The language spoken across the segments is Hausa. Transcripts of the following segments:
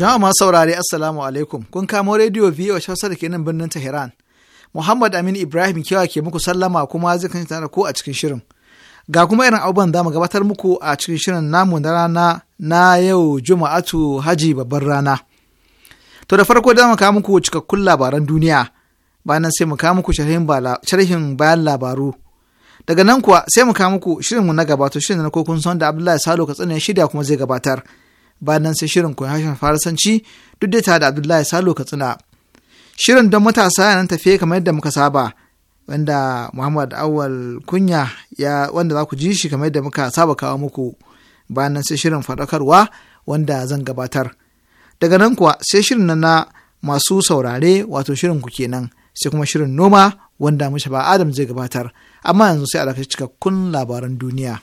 Jama'a masu saurare Assalamu alaikum. Kun kamo rediyo biyu a da ke nan birnin Tehran. Muhammad Aminu Ibrahim kewa ke muku sallama kuma zai kan tare ko a cikin shirin. Ga kuma irin abubuwan za mu gabatar muku a cikin shirin namu na rana na yau Juma'atu Haji babbar rana. To da farko da mu kawo muku cikakkun labaran duniya. Bayan sai mu kawo muku sharhin bayan labaru. Daga nan kuwa sai mu kawo muku shirin mu na gabatar shirin na kokun son da Abdullahi Salo Katsina shida kuma zai gabatar. bayan nan sai shirin koyon harshen farasanci duk da da abdullahi salo katsina shirin don matasa nan tafiye kamar yadda muka saba wanda muhammad awal kunya ya wanda za ku ji shi kamar yadda muka saba kawo muku bayan nan sai shirin faɗakarwa wanda zan gabatar daga nan kuwa sai shirin na masu saurare wato shirin ku kenan sai kuma shirin noma wanda mushi adam zai gabatar amma yanzu sai a cikakkun labaran duniya.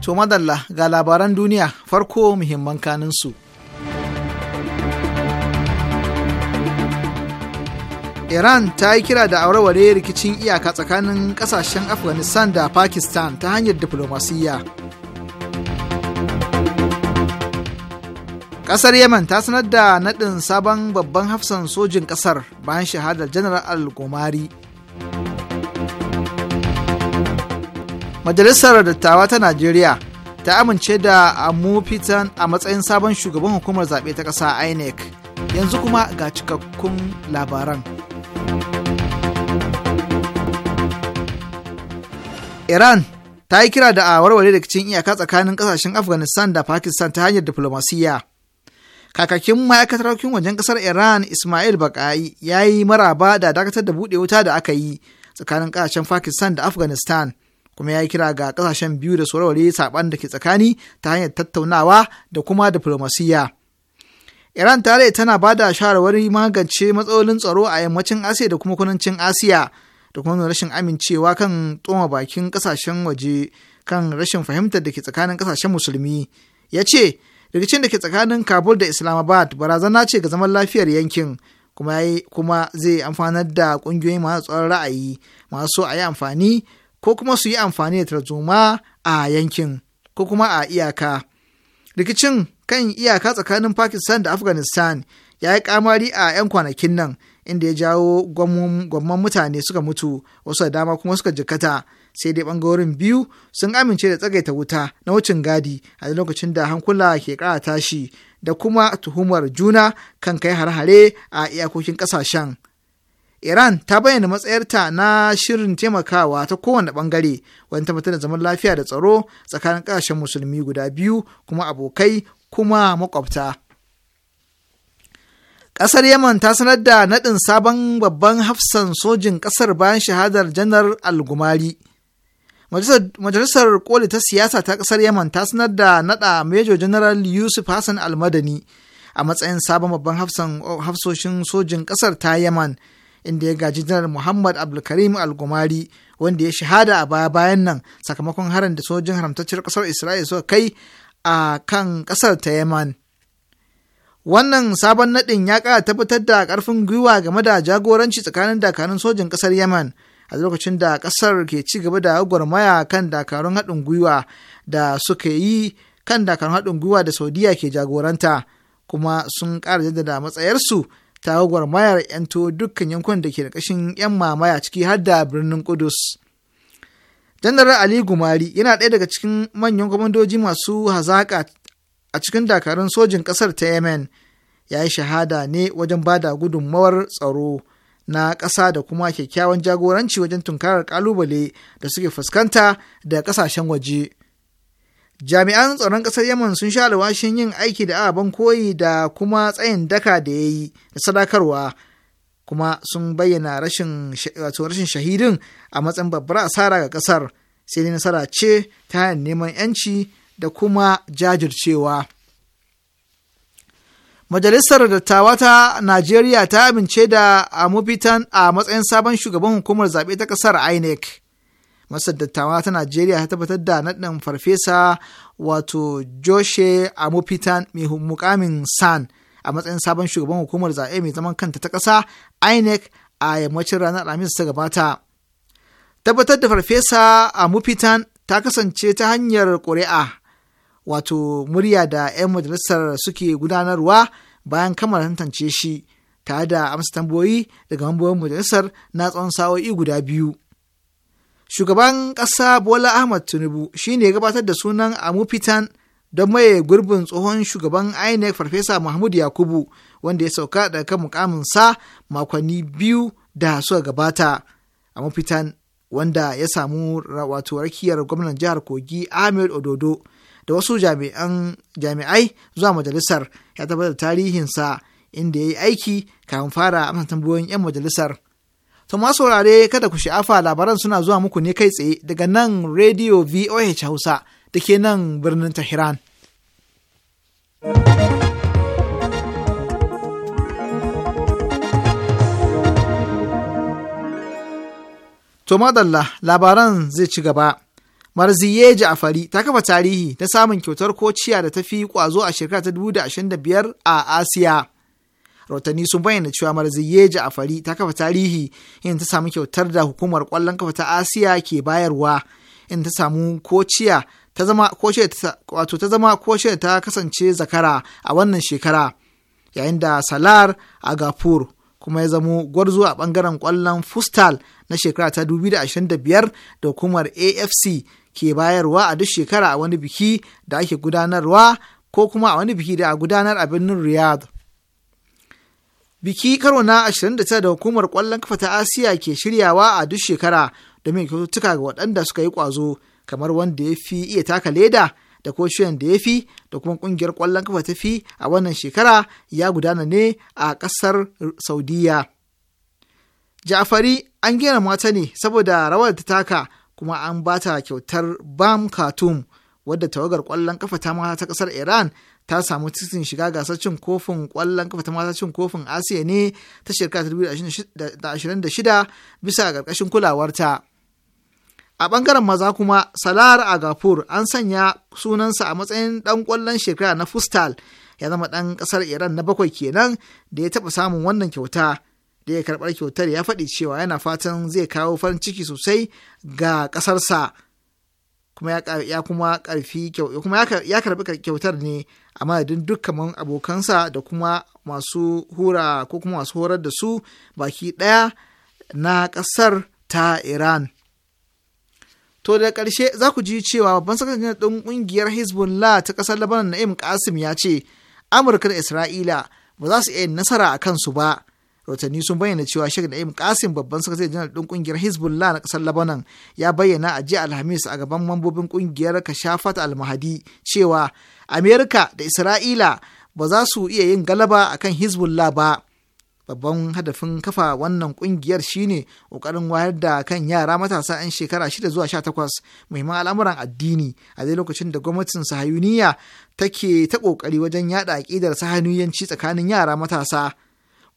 To madalla ga labaran duniya farko muhimman kaninsu. Iran ta yi kira da auraware rikicin iyaka tsakanin kasashen Afghanistan da Pakistan ta hanyar diflomasiyya. Ƙasar Yemen ta sanar da naɗin sabon babban hafsan sojin ƙasar bayan shahadar Janaral Al-Gomari. majalisar dattawa ta najeriya ta amince da amu fitan a matsayin sabon shugaban hukumar zaɓe ta ƙasa inec yanzu kuma ga cikakkun labaran iran ta yi kira da a warware rikicin iyaka tsakanin ƙasashen afghanistan da pakistan ta hanyar diflomasiyya kakakin ma'aikatar harkokin wajen ƙasar iran ismail bakai ya yi maraba da dakatar da buɗe wuta da aka yi tsakanin ƙasashen pakistan da afghanistan kuma ya yi kira ga kasashen biyu da su saban saɓan da ke tsakani ta hanyar tattaunawa da kuma diflomasiyya. Iran tare tana ba da shawarwari magance matsalolin tsaro a yammacin Asiya da kuma kudancin Asiya da kuma rashin amincewa kan tsoma bakin kasashen waje kan rashin fahimtar da ke tsakanin kasashen musulmi. Ya ce, rikicin da ke tsakanin Kabul da Islamabad barazana ce ga zaman lafiyar yankin kuma zai amfanar da ƙungiyoyi masu tsoron ra'ayi masu a yi amfani ko kuma su yi amfani da tarzoma a yankin ko kuma a iyaka. Rikicin kan iyaka tsakanin Pakistan da Afghanistan ya yi kamari a 'yan kwanakin nan inda ya jawo gwamman mutane suka mutu wasu da dama kuma suka jikkata sai dai bangarorin biyu sun amince da tsagaita wuta na wucin gadi a lokacin da hankula ke kara tashi da kuma tuhumar juna kan kai har-hare a iyakokin ƙasashen. Iran ta bayyana matsayarta na shirin taimakawa ta kowane bangare wani tabbatar da zaman lafiya da tsaro tsakanin ƙasashen musulmi guda biyu kuma abokai kuma makwabta. Ƙasar Yemen ta sanar da naɗin sabon babban hafsan sojin ƙasar bayan shahadar janar Al-Gumari. Majalisar koli ta siyasa ta ƙasar Yemen ta sanar da naɗa Major General Yusuf Hassan Almadani a matsayin sabon babban hafsoshin sojin ƙasar ta Yemen. inda ya gaji janar Muhammad Abdulkarim Algumari wanda ya shahada a baya bayan nan sakamakon harin da sojin haramtacciyar kasar Isra'ila suka kai a kan ƙasar ta Yaman. Wannan sabon nadin ya ƙara tabbatar da ƙarfin gwiwa game da jagoranci tsakanin dakarun sojin ƙasar Yaman a lokacin da ƙasar ke ci gaba da gwarmaya kan dakarun haɗin gwiwa da suka yi kan dakarun haɗin gwiwa da Saudiya ke jagoranta kuma sun ƙara jaddada matsayarsu ta gwarmayar 'yanto dukkan yankunan da ke da ƙashin 'yan mamaya ciki har da birnin Kudus. Janaral Ali Gumari yana ɗaya daga cikin manyan kwamandoji masu hazaƙa a cikin dakarun sojin ƙasar ta Yemen. Ya yi shahada ne wajen ba da gudunmawar tsaro na ƙasa da kuma kyakkyawan jagoranci wajen tunkarar ƙalubale da suke fuskanta da ƙasashen waje. jami'an tsaron ƙasar yaman sun sha alwashin yin aiki da ababen koyi da kuma tsayin daka da ya yi da sadakarwa kuma sun bayyana rashin shahidin a matsayin babbar asara ga ƙasar sai dai nasara ce ta hanyar neman yanci da kuma jajircewa majalisar dattawa ta najeriya ta amince da a a matsayin sabon shugaban hukumar zaɓe ta ƙasar inec masar dattawa ta najeriya ta tabbatar da naɗin farfesa wato joshe amufitan mai mukamin san a matsayin sabon shugaban hukumar zaɓe mai zaman kanta ta ƙasa inec a yammacin ranar alhamis ta gabata tabbatar da farfesa amufitan ta kasance ta hanyar ƙuri'a wato murya da 'yan majalisar suke gudanarwa bayan kammala tantance shi tare da amsa tambayoyi daga mambobin majalisar na tsawon sa'o'i guda biyu Shugaban ƙasa Bola Ahmad Tinubu shi ne gabatar da sunan Amufitan don maye gurbin tsohon shugaban INEC Farfesa Mahmud Yakubu wanda ya sauka daga kan mukaminsa makonni biyu da suka gabata. Amufitan wanda ya samu wato rakiyar gwamnan jihar Kogi Ahmed Ododo da wasu jami'an jami'ai zuwa majalisar ya tabbatar da tarihinsa inda ya yi aiki kafin fara amsa tambayoyin 'yan majalisar. To ma saurare kada ku sha'afa labaran suna zuwa muku ne kai tsaye daga nan Radio VOH Hausa da ke nan birnin Tehran. To madalla labaran zai ci gaba. Marziye Ja'afari ta kafa tarihi ta samun kyautar kociya da ta fi kwazo a shekara ta 2025 a Asiya. rahotanni sun bayyana cewa a fari ta kafa tarihi in ta samu kyautar da hukumar kwallon kafa ta asiya ke bayarwa in ta samu kociya ta zama kociya wato ta zama ta kasance zakara a wannan shekara yayin da salar agapur kuma ya zamo gwarzo a bangaren kwallon fustal na shekara ta 2025 da hukumar afc ke bayarwa a duk shekara a wani biki da ake gudanarwa ko kuma a wani biki da a gudanar a birnin riyadh Biki karo na 29 da hukumar kwallon kafa ta Asiya ke shiryawa a duk shekara domin kyaututtuka ga waɗanda suka yi ƙwazo kamar wanda ya fi iya taka leda da ko da ya fi da kuma ƙungiyar kwallon kafa ta fi a wannan shekara ya gudana ne a ƙasar Saudiya. jafari an gina mata ne saboda rawar ta taka kuma an ba ta kyautar Bam katum wadda tawagar kwallon kafa ta mata ta ƙasar Iran ta samu titin shiga gasar cin kofin kwallon kafa ta mata cin kofin asiya ne ta ta 2026 bisa ƙarƙashin kulawarta a ɓangaren maza kuma salar agapur an sanya sunansa a matsayin ɗan ƙwallon shekara na fustal ya zama ɗan ƙasar iran na bakwai kenan da ya taɓa samun wannan kyauta da ya karɓar kyautar ya faɗi cewa yana fatan zai kawo farin ciki sosai ga ƙasarsa. kuma ya kuma karfi kuma ya karbi kyautar ne a madadin dukkan abokansa da kuma masu hura ko kuma masu horar da su baki ɗaya na ƙasar ta Iran. To da ƙarshe za ku ji cewa babban sakataren ɗin ƙungiyar Hezbollah ta ƙasar labaran Na'im kasim ya ce Amurka da Isra'ila ba za su iya nasara a kansu ba rahotanni sun bayyana cewa shek im kasim babban sakatare janar din kungiyar hezbollah na kasar labanan ya bayyana a jiya alhamis a gaban mambobin kungiyar kashafat almahadi cewa amerika da isra'ila ba za su iya yin galaba akan hezbollah ba babban hadafin kafa wannan kungiyar shine kokarin wayar da kan yara matasa 'yan shekara 6 zuwa 18 muhimman al'amuran addini a dai lokacin da gwamnatin sahayuniya take ta kokari wajen yada aƙidar sahaniyanci tsakanin yara matasa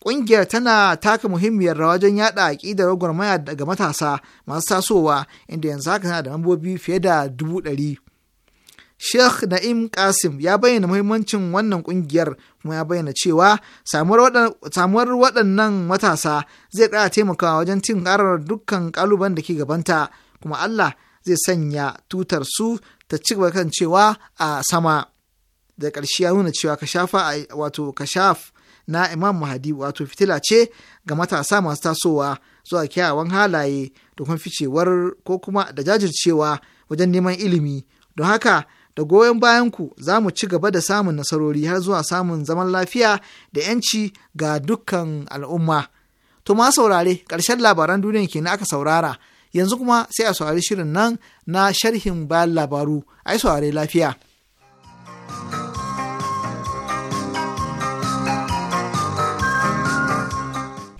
Ƙungiyar tana taka muhimmiyar rawa wajen yaɗa aƙidar gwagwarmaya daga matasa masu tasowa inda yanzu haka tana da mambobi fiye da dubu ɗari. Sheikh Na'im Kasim ya bayyana muhimmancin wannan ƙungiyar, kuma ya bayyana cewa samuwar waɗannan matasa zai ƙara taimakawa wajen cin ƙarar dukkan ƙaluban da ke gabanta kuma Allah zai sanya tutar su ta ci gaba kan cewa a sama. Da ƙarshe ya nuna cewa ka shafa wato kashaf na Imam Mahadi wato fitila ce ga matasa masu tasowa zuwa kyawawan halaye da kuma ficewar ko kuma da jajircewa wajen neman ilimi. Don haka da goyon bayanku za mu ci gaba da samun nasarori har zuwa samun zaman lafiya da 'yanci ga dukkan al'umma. To ma saurare ƙarshen labaran duniya kenan aka saurara yanzu kuma sai a saurari shirin nan na sharhin bayan labaru ai saurare lafiya.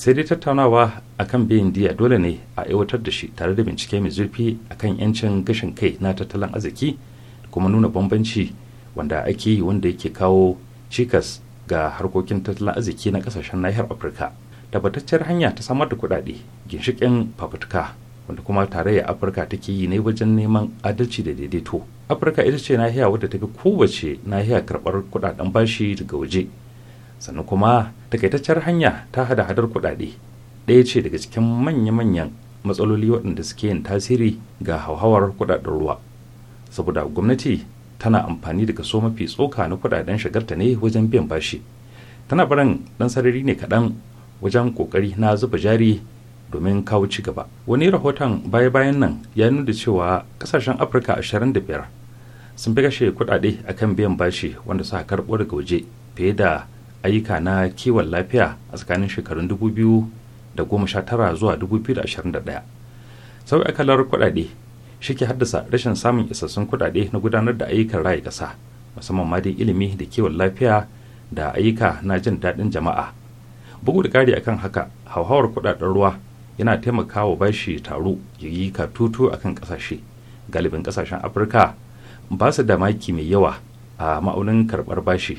sai dai tattaunawa a kan biyan diya dole ne a aiwatar da shi tare da bincike mai zurfi a kan yancin gashin kai na tattalin arziki da kuma nuna bambanci wanda ake yi wanda yake kawo cikas ga harkokin tattalin arziki na kasashen nahiyar afirka tabbatacciyar hanya ta samar da kuɗaɗe ginshiƙin fafutuka wanda kuma tarayyar afirka take yi ne wajen neman adalci da daidaito afirka ita ce nahiya wadda ta fi kowace nahiya karɓar kuɗaɗen bashi daga waje sannan kuma takaitaccen hanya ta hada hadar kuɗaɗe ɗaya ce daga cikin manya-manyan matsaloli waɗanda suke yin tasiri ga hauhawar kuɗaɗen ruwa saboda gwamnati tana amfani da kaso mafi tsoka na kuɗaɗen shigarta ne wajen biyan bashi tana barin ɗan sarari ne kaɗan wajen ƙoƙari na zuba jari domin kawo ci gaba wani rahoton baya-bayan nan ya nuna cewa kasashen afirka biyar sun fi kashe kudade akan biyan bashi wanda suka karɓo daga waje fiye da ayyuka na kiwon lafiya a tsakanin shekarun 2019 zuwa 2021 sauyi akalar kuɗaɗe shi ke haddasa rashin samun isassun kuɗaɗe na gudanar da ayyukan rayu ƙasa musamman ma dai ilimi da kiwon lafiya da ayyuka na jin daɗin jama'a bugu da ƙari akan haka hauhawar kuɗaɗen ruwa yana taimakawa bashi taro ya yi katutu akan ƙasashe galibin ƙasashen afirka ba su da maki mai yawa a ma'aunin karɓar bashi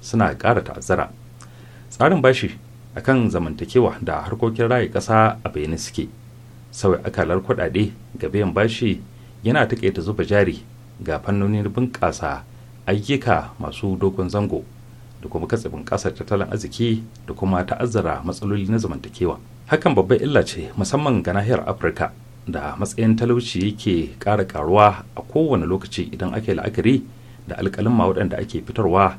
suna ƙara ta'azzara tsarin bashi a kan zamantakewa da harkokin raye ƙasa a bayyane suke sauya akalar kuɗaɗe ga biyan bashi yana taƙaita zuba jari ga fannonin bunƙasa ayyuka masu dogon zango da kuma katse bunƙasar tattalin arziki da kuma ta'azzara matsaloli na zamantakewa hakan babbar illa ce musamman ga nahiyar afirka da matsayin talauci yake ƙara ƙaruwa a kowane lokaci idan ake la'akari da alƙalin waɗanda ake fitarwa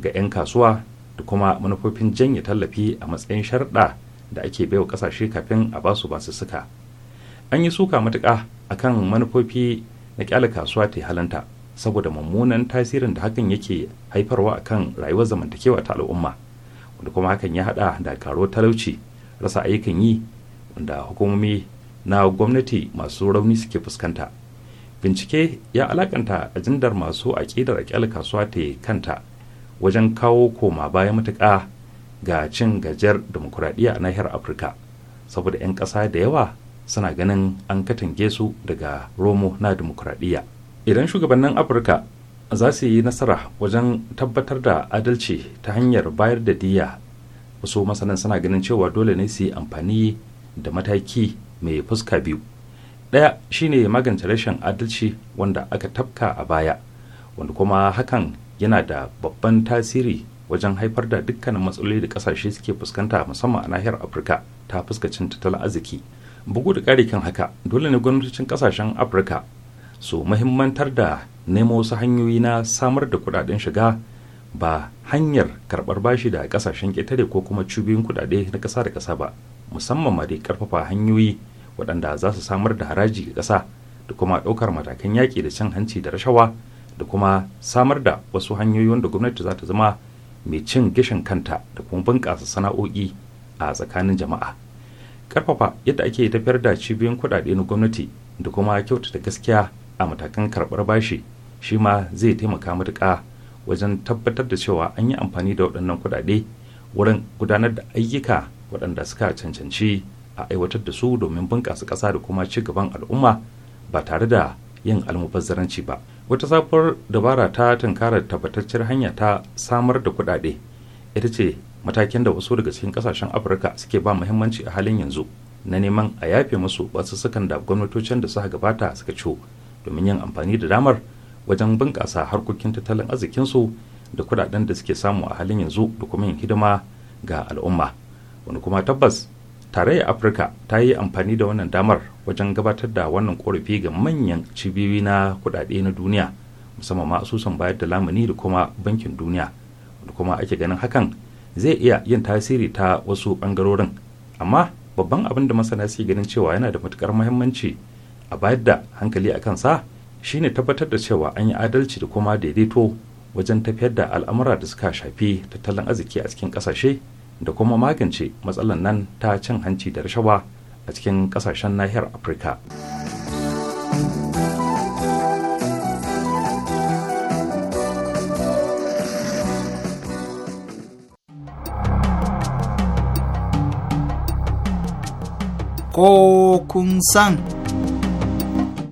ga 'yan kasuwa da kuma manufofin janye tallafi a matsayin sharɗa da ake baiwa ƙasashe kafin a basu suka an yi suka matuƙa akan manufofi na kyala kasuwa ta halanta saboda mummunan tasirin da hakan yake haifarwa a kan rayuwar zamantakewa ta al'umma wanda kuma hakan ya haɗa da karo talauci rasa ayyukan yi wanda hukumomi na gwamnati masu rauni suke fuskanta bincike ya alakanta ajindar masu aƙidar kyala kasuwa ta kanta wajen kawo koma baya matuƙa ga cin gajiyar demokuraɗiyya a nahiyar afirka saboda 'yan ƙasa da yawa suna ganin an katange su daga romo na demokuraɗiyya idan shugabannin afirka za su yi nasara wajen tabbatar da adalci ta hanyar bayar da diya wasu masanan suna ganin cewa dole ne su yi amfani da mataki mai fuska biyu ɗaya shine magance rashin adalci wanda aka tafka a baya wanda kuma hakan yana da babban tasiri wajen haifar da dukkanin matsaloli da kasashe suke fuskanta musamman a nahiyar afirka ta fuskacin tattalin arziki bugu da ƙari kan haka dole ne gwamnatocin ƙasashen afirka su mahimmantar da nemo wasu hanyoyi na samar da kudaden shiga ba hanyar karbar bashi da ƙasashen ƙetare ko kuma cubiyoyin kudade na ƙasa da ƙasa ba musamman ma dai karfafa hanyoyi waɗanda za su samar da haraji ga ƙasa da kuma ɗaukar matakan yaƙi da cin hanci da rashawa da kuma samar da wasu hanyoyi wanda gwamnati za ta zama mai cin gishin kanta da kuma bunƙasa sana'o'i a tsakanin jama'a ƙarfafa yadda ake tafiyar da cibiyoyin kuɗaɗe na gwamnati da kuma kyautata gaskiya a matakan karɓar bashi shi ma zai taimaka matuƙa wajen tabbatar da cewa an yi amfani da waɗannan kuɗaɗe wurin gudanar da ayyuka waɗanda suka cancanci a aiwatar da su domin bunƙasa ƙasa da kuma ci gaban al'umma ba tare da yin almubazzaranci ba. wata safar dabara ta tunkara tabbataccen hanya ta samar da kuɗaɗe ita ce matakin da wasu daga cikin kasashen afirka suke ba muhimmanci a halin yanzu na neman a yafe musu wasu sukan da gwamnatocin da suka gabata suka ciwo domin yin amfani da damar wajen bunƙasa harkokin tattalin arzikinsu da kudaden da suke samu a halin yanzu da kuma yin hidima ga al'umma wani kuma tabbas tarayya afirka ta yi amfani da wannan damar wajen gabatar da wannan korafi ga manyan cibiyoyi na kudade na duniya musamman ma asusun bayar da lamuni da kuma bankin duniya da kuma ake ganin hakan zai iya yin tasiri ta wasu bangarorin amma babban abin da masana suke ganin cewa yana da matukar muhimmanci a bayar da hankali a kansa shine tabbatar da cewa an yi adalci da kuma daidaito wajen tafiyar da al'amura da suka shafi tattalin arziki a cikin kasashe da kuma magance matsalar nan ta cin hanci da rashawa a cikin kasashen nahiyar afirka ko kun san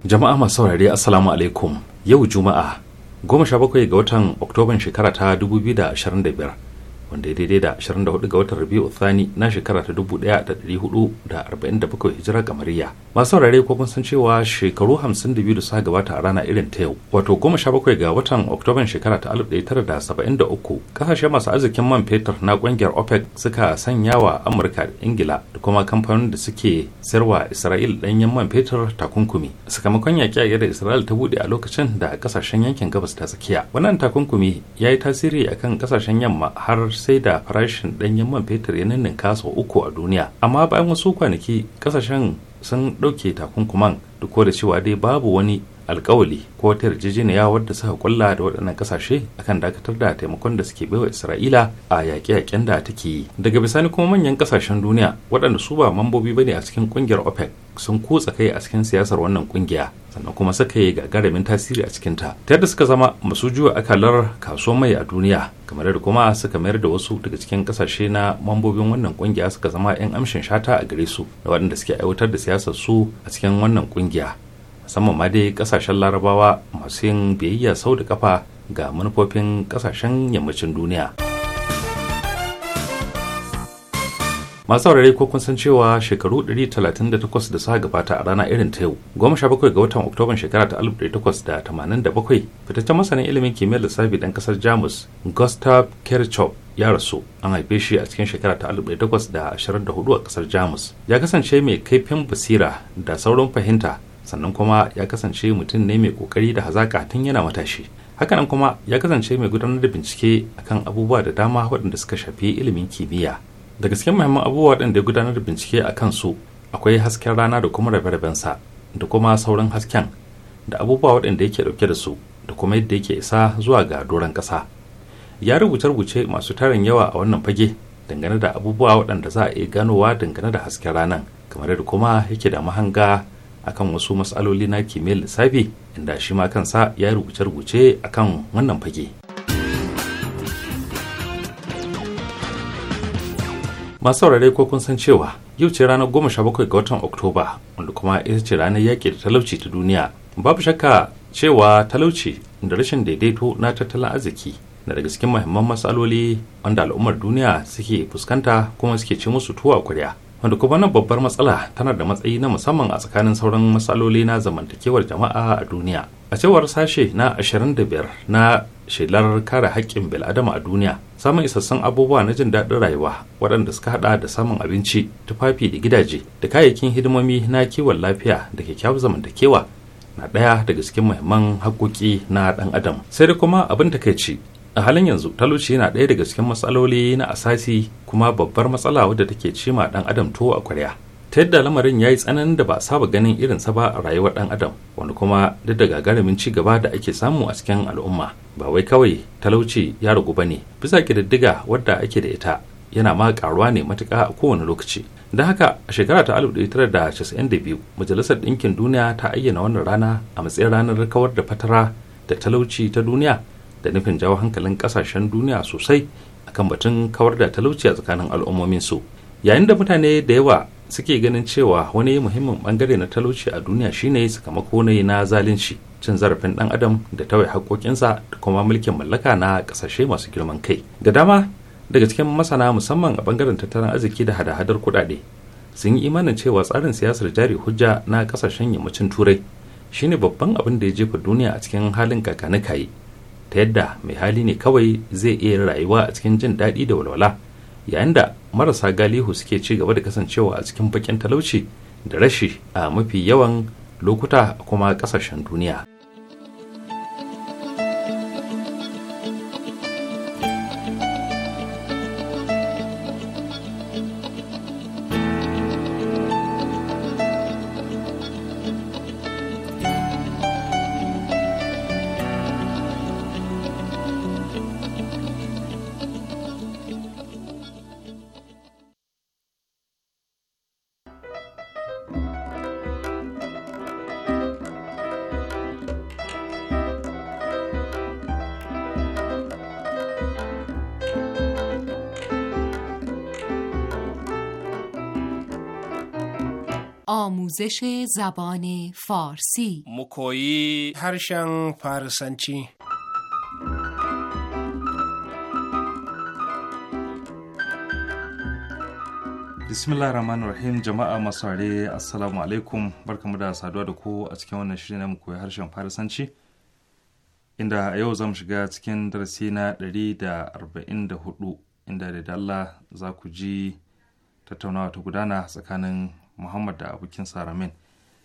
jama'a masu saurari assalamu alaikum yau juma'a 17 ga watan oktoban shekara ta 2025 wanda ya daidai da 24 ga watan rabiu thani na shekara ta 1447 hijira Mariya. masu rare ko kun san cewa shekaru 52 da suka gabata a rana irin ta yau wato 17 ga watan oktoban shekara ta 1973 kasashe masu arzikin man fetur na kungiyar opec suka sanya wa amurka da ingila da kuma kamfanin da suke sayarwa isra'il danyen man fetur takunkumi sakamakon yaƙe-yaƙe da isra'il ta buɗe a lokacin da kasashen yankin gabas ta tsakiya wannan takunkumi ya yi tasiri akan kasashen yamma har sai da farashin ɗanyen man fetur ya ninninka sau uku a duniya amma bayan wasu kwanaki kasashen sun ɗauke takunkuman duk da cewa dai babu wani alkawali ko wata yarjejeniya wadda suka kulla da waɗannan kasashe akan dakatar da taimakon da suke baiwa isra'ila a yaƙe-yaƙen da take yi daga bisani kuma manyan kasashen duniya waɗanda su ba mambobi ba ne a cikin ƙungiyar opec sun kotsa kai a cikin siyasar wannan ƙungiya sannan kuma suka yi gagarumin tasiri a cikin ta ta yadda suka zama masu juya akalar kasuwar mai a duniya kamar da kuma suka mayar da wasu daga cikin kasashe na mambobin wannan ƙungiya suka zama 'yan amshin shata a gare su da waɗanda suke aiwatar da siyasar su a cikin wannan ƙungiya musamman ma dai kasashen larabawa masu yin biyayya sau da kafa ga manufofin kasashen yammacin duniya masu saurare ko kun san cewa shekaru 138 da suka gabata a rana irin ta yau goma sha bakwai ga watan oktoban shekara ta 1887 fitaccen masanin ilimin kimiyyar lissafi dan kasar jamus gustav kirchhoff ya rasu an haife shi a cikin shekara ta 1824 a kasar jamus ya kasance mai kaifin basira da saurin fahimta sannan kuma ya kasance mutum ne mai kokari da hazaka tun yana matashi hakanan kuma ya kasance mai gudanar da bincike akan abubuwa da dama waɗanda suka shafi ilimin kimiyya da gaske muhimman abubuwa waɗanda ya gudanar da bincike a kansu akwai hasken rana da kuma rabe sa da kuma sauran hasken da abubuwa waɗanda yake ɗauke da su da kuma yadda yake isa zuwa ga doron ƙasa ya rubuce rubuce masu tarin yawa a wannan fage dangane da abubuwa waɗanda za a iya ganowa dangane da hasken ranan kamar da kuma yake da mahanga akan wasu matsaloli na kimiyyar lissafi inda shi ma kansa ya rubuce-rubuce akan wannan fage. masu saurare ko kun san cewa yau ce ranar goma sha bakwai ga watan oktoba wanda kuma ita ce ranar yaƙi da talauci ta duniya babu shakka cewa talauci da rashin daidaito na tattalin arziki na daga cikin mahimman matsaloli wanda al'ummar duniya suke fuskanta kuma suke ci musu tuwa kuriya wanda kuma nan babbar matsala tana da matsayi na musamman a tsakanin sauran matsaloli na zamantakewar jama'a a duniya a cewar sashe na 25 na shelar kare haƙƙin bil'adama a duniya samun isassun abubuwa na jin daɗin rayuwa waɗanda suka haɗa da samun abinci tufafi da gidaje da kayayyakin hidimomi na kiwon lafiya da kyakkyawar zamantakewa na ɗaya daga cikin muhimman haƙƙoƙi na ɗan adam sai da kuma abin takaici a halin yanzu talauci yana ɗaya daga cikin matsaloli na asasi kuma babbar matsala wadda take cima ɗan adam to a kwarya ta yadda lamarin ya yi tsananin da ba a saba ganin irin sa ba a rayuwar ɗan adam wani kuma duk da gagarumin ci gaba da ake samu a cikin al'umma ba wai kawai talauci ya ragu ba ne bisa ƙididdiga wadda ake da ita yana ma karuwa ne matuƙa a kowane lokaci don haka a shekara ta 1992 majalisar ɗinkin duniya ta ayyana wannan rana a matsayin ranar kawar da fatara da talauci ta duniya da nufin jawo hankalin kasashen duniya sosai akan batun kawar da talauci a tsakanin al'ummomin su yayin da mutane da yawa suke ganin cewa wani muhimmin bangare na talauci a duniya shine sakamako ne na zalunci cin zarafin dan adam da tawaye haƙoƙinsa da kuma mulkin mallaka na ƙasashe masu girman kai Ga dama daga cikin masana musamman a bangaren tattalin arziki da hada-hadar kuɗaɗe sun yi imanin cewa tsarin siyasar jari hujja na ƙasashen yammacin turai shine babban abin da ya jefa duniya a cikin halin kayi. ta yadda mai hali ne kawai zai iya rayuwa a cikin jin daɗi da walwala yayin da marasa galihu suke ci gaba da kasancewa a cikin bakin talauci da rashi a mafi yawan lokuta kuma ƙasashen duniya. آموزش زبان فارسی harshen هرشن فارسنچی bismillah rahman rahim jama'a masu ware assalamu alaikum barkamu da saduwa da ku a cikin wannan shirin na koyi harshen farisanci inda a yau zamu shiga cikin darasi na ɗari da da arba'in 144 inda da Allah za ku ji tattaunawa ta gudana tsakanin muhammad da abokin saramin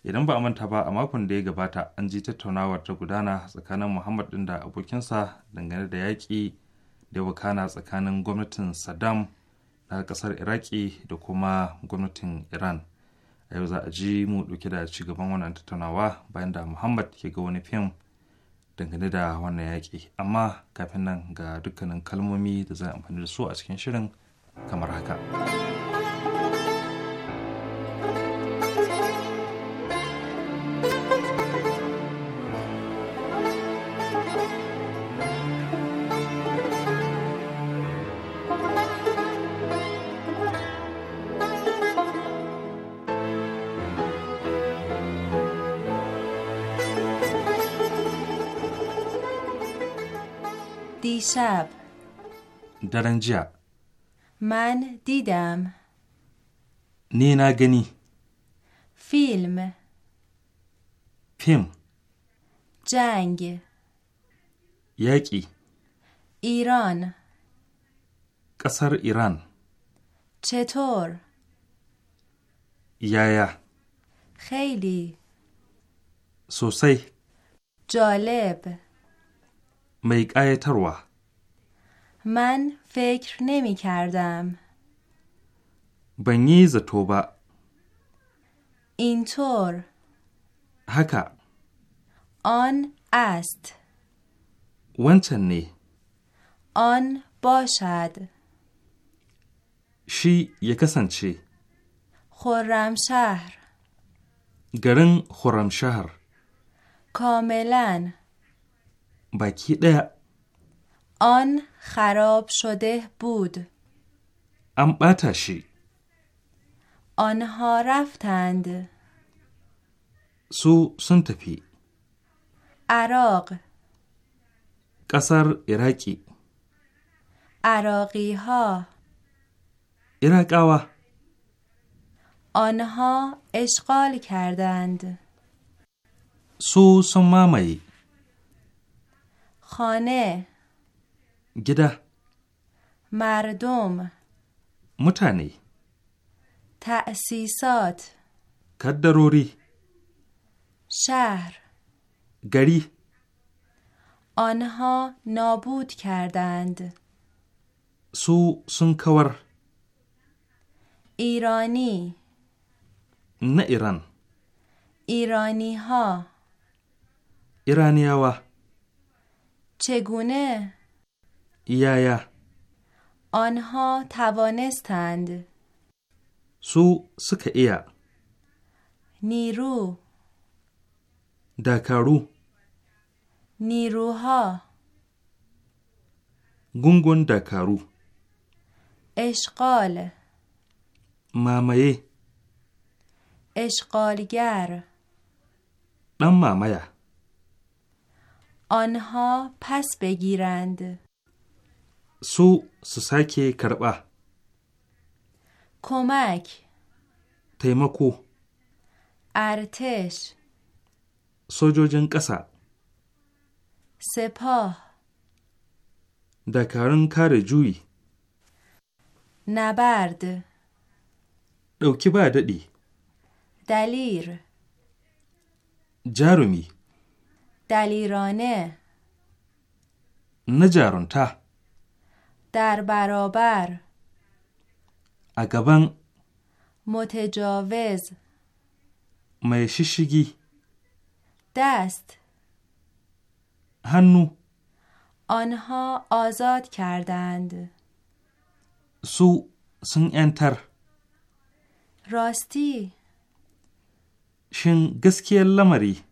idan ba a manta ba a makon da ya gabata an ji tattaunawar ta gudana tsakanin muhammad din da abokinsa dangane da yaƙi da wakana tsakanin gwamnatin saddam na ƙasar iraki da kuma gwamnatin iran a yau za a ji mu ɗauke da ci gaban wannan tattaunawa bayan da muhammad ke ga wani fim dangane da wannan yaƙi amma kafin nan ga dukkanin kalmomi da za a amfani da su a cikin shirin kamar haka. شب درنجا من دیدم نینا گنی فیلم فیلم جنگ یکی ایران قصر ایران چطور یا خیلی سوسی جالب میگای تروه من فکر نمی کردم به نیز توبه. اینطور هکا آن است ونچنی آن باشد شی یکسن چی شهر. گرن شهر. کاملا بکی ده آن خراب شده بود ام آنها رفتند سو سنتپی عراق قصر عراقی عراقی ها عراقاوه آنها اشغال کردند سو سمامی خانه گده مردم متنی تأسیسات کدروری شهر گری آنها نابود کردند سو سنکور ایرانی نه ایران ایرانی ها ایرانی ها. چگونه یایا آنها توانستند سو سک ایا نیرو دکارو نیروها گونگون دکارو اشغال مامایه اشغالگر نم مامایه آنها پس بگیرند su su sake karɓa. Komak. Taimako. Artesh. Sojojin ƙasa. Sepa. Dakarun kare juyi. Nabard. Ɗauki ba daɗi. Dalir. Jarumi. Dalirane. Na jarunta. در برابر اگبن متجاوز میششگی دست هنو آنها آزاد کردند سو سن انتر راستی شن گسکی لمری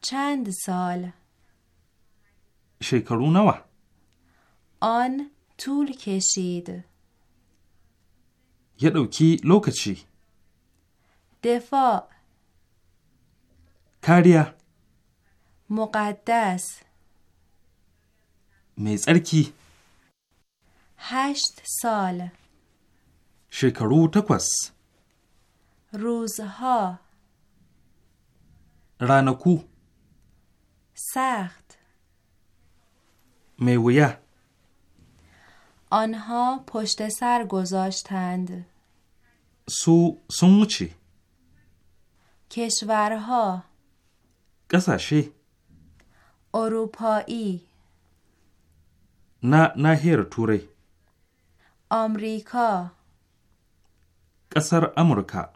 چند سال شکرونه آن طول کشید یه دوکی لوکچی دفاع کاریا مقدس میزرکی هشت سال شکرو تکوس روزها رانکو سخت میویه آنها پشت سر گذاشتند سو سموچی کشورها گساشی اروپایی نه نهیر توری آمریکا قصر امریکا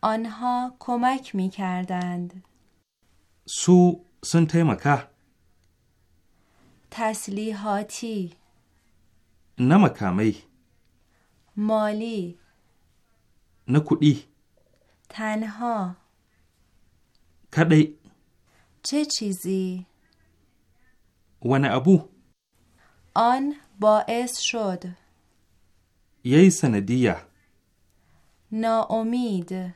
آنها کمک می کردند سو سنتمکه تسلیحاتی نه مکامی مالی نه کودی تنها کدی چه چیزی و ابو آن باعث شد یه سندیه ناامید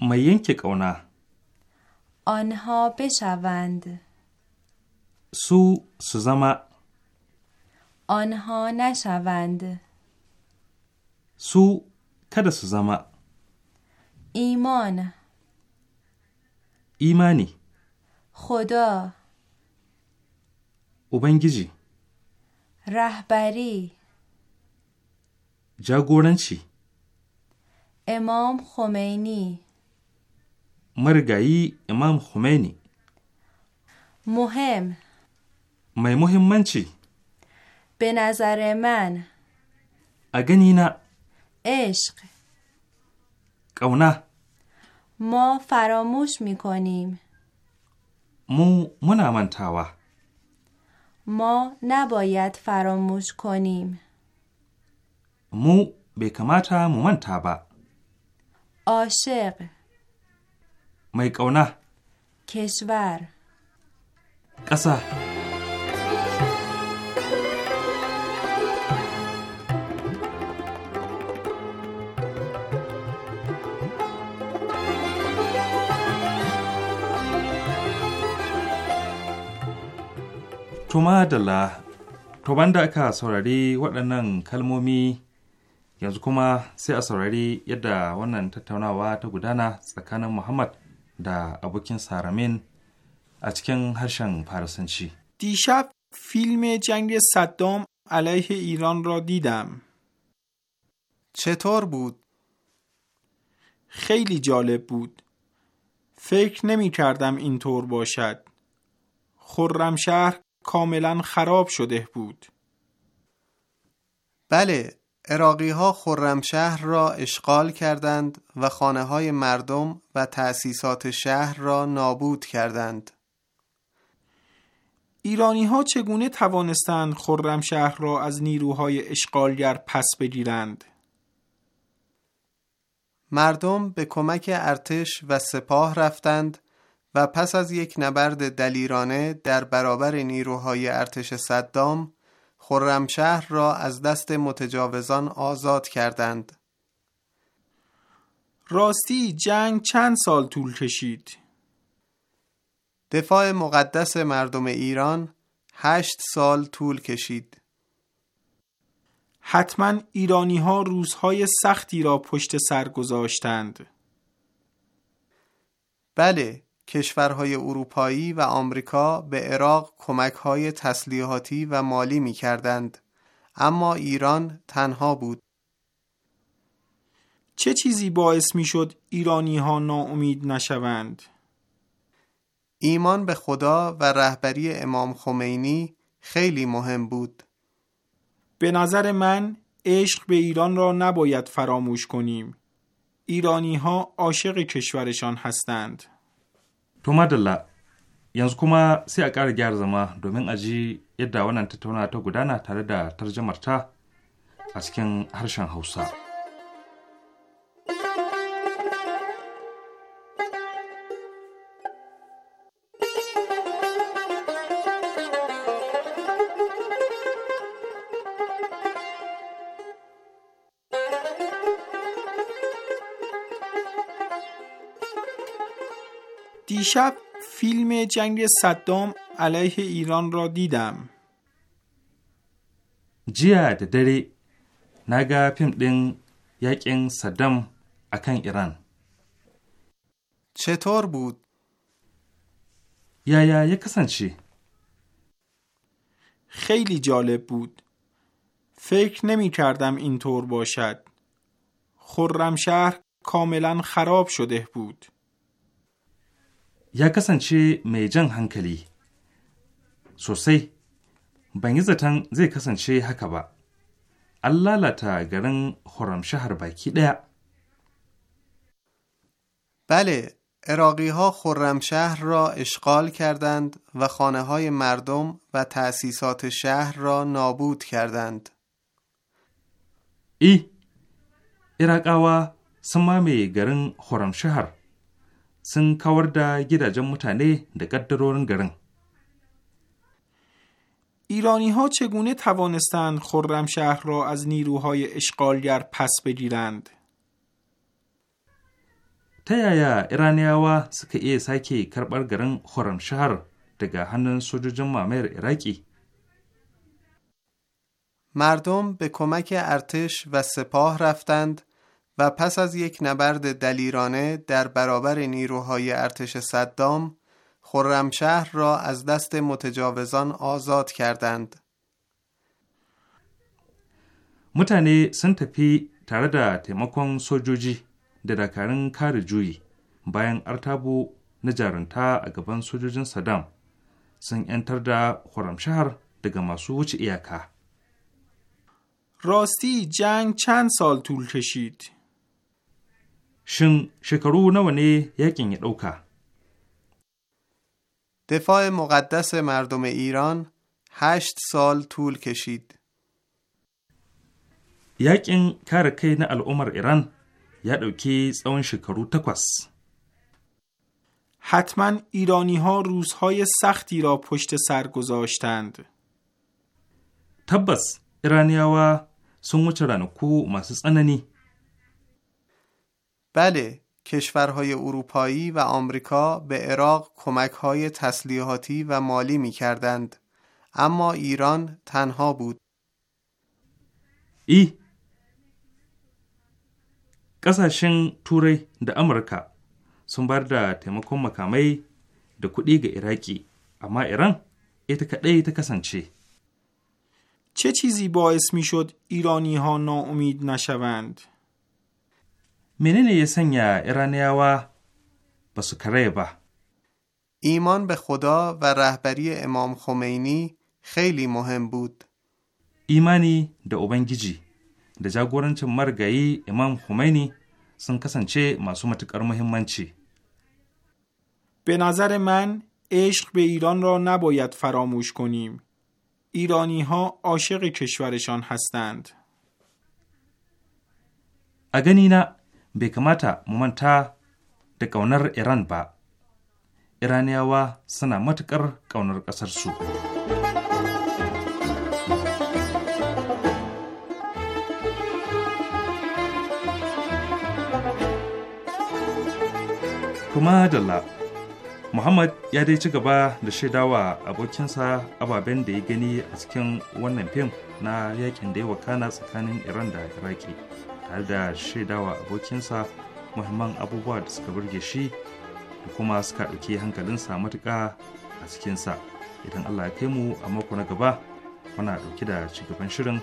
ما ینکه کونه آنها بشوند سو سزما آنها نشوند سو کد زما ایمان ایمانی خدا اوبنگیجی رهبری جاگورنچی امام خمینی مرگایی امام خمینی مهم می مهم من چی؟ به نظر من نینا عشق نه؟ ما فراموش میکنیم مو منامنتاوا ما نباید فراموش کنیم مو به کماتا مو عاشق ba. Osher نه کشور. To to banda aka saurari waɗannan kalmomi yanzu kuma sai a saurari yadda wannan tattaunawa ta gudana tsakanin Muhammad da abokin Saramin a cikin harshen Farisanci. دیشب فیلم جنگ صدام علیه ایران را دیدم. چطور بود؟ خیلی جالب بود. فکر نمی کردم اینطور باشد. خرمشهر کاملا خراب شده بود. بله، اراقی ها خرمشهر را اشغال کردند و خانه های مردم و تأسیسات شهر را نابود کردند. ایرانی ها چگونه توانستند خرمشهر را از نیروهای اشغالگر پس بگیرند؟ مردم به کمک ارتش و سپاه رفتند و پس از یک نبرد دلیرانه در برابر نیروهای ارتش صدام خرمشهر را از دست متجاوزان آزاد کردند راستی جنگ چند سال طول کشید دفاع مقدس مردم ایران هشت سال طول کشید حتما ایرانی ها روزهای سختی را پشت سر گذاشتند بله کشورهای اروپایی و آمریکا به عراق کمکهای تسلیحاتی و مالی می کردند. اما ایران تنها بود. چه چیزی باعث می شد ایرانی ها ناامید نشوند؟ ایمان به خدا و رهبری امام خمینی خیلی مهم بود. به نظر من عشق به ایران را نباید فراموش کنیم. ایرانی ها عاشق کشورشان هستند. To madalla yanzu kuma sai a ƙara gyara zama domin a ji yadda wannan tattaunawa ta gudana tare da tarjamarta a cikin harshen Hausa. دیشب فیلم جنگ صدام علیه ایران را دیدم جیا دری نگا پیم دن fim صدام اکن ایران. چطور بود؟ یا یا چی؟ خیلی جالب بود. فکر نمی کردم اینطور باشد. خرمشهر کاملا خراب شده بود. یا کسانچه می جن هنکلی سوسی زی yi zaton zai kasance haka ba an lalata garin بله اراقی ها خورم شهر را اشغال کردند و خانه های مردم و تأسیسات شهر را نابود کردند. ای اراقاوا سمامه گرن خورم شهر sun kawar da gidajen mutane da gaddarorin garin. ایرانی ها چگونه توانستند خوردم شهر را از نیروهای اشغالگر پس بگیرند؟ تیایا ایرانی ها سکه ای ساکی کربر گرن خرم شهر دگه هنن سوجوجن مامیر ایراکی مردم به کمک ارتش و سپاه رفتند و پس از یک نبرد دلیرانه در برابر نیروهای ارتش صدام خرمشهر را از دست متجاوزان آزاد کردند متنی سنتپی پی تردا تیمکون سوجوجی در کارن کار جوی باین ارتابو نجارنتا اگبان سوجوجن صدام سن انتر دا خرمشهر دگا ایاکا راستی جنگ چند سال طول کشید؟ شن شکرو نوانه یکین دوکه دفاع مقدس مردم ایران هشت سال طول کشید یکین کار کی نه العمر ایران یا دوکی سوان شکرو تکوس حتما ایرانی ها روزهای سختی را پشت سر گذاشتند تبس ایرانیاوا sun wuce کو masu tsanani بله کشورهای اروپایی و آمریکا به عراق کمکهای تسلیحاتی و مالی می اما ایران تنها بود. ای کساشن توری د امریکا sun bar da تیمکون مکامی د کودی گه اما ایران ita kaɗai کسان چه چیزی باعث می شد ایرانی ها ناامید نشوند؟ menene ya sanya iraniyawa ba su ba ایمان به خدا و رهبری امام خمینی خیلی مهم بود. ایمانی ده اوبنگیجی ده جاگورنچ مرگایی امام خمینی سن کسنچه ماسو متکر مهمنچی. به نظر من عشق به ایران را نباید فراموش کنیم. ایرانی ها عاشق کشورشان هستند. اگنینا bai kamata mu manta da ƙaunar Iran ba. Iraniyawa suna matuƙar ƙaunar ƙasarsu. Kuma dalla, Muhammad ya dai ci gaba da shaidawa abokinsa ababen da ya gani a cikin wannan fim na yakin da ya wakana tsakanin Iran da Iraki. tare da shaidawa abokinsa muhimman abubuwa da suka burge shi da kuma suka ɗauki hankalinsa matuka a cikinsa idan allah ya kai mu a mako na gaba muna ɗauki da cigaban shirin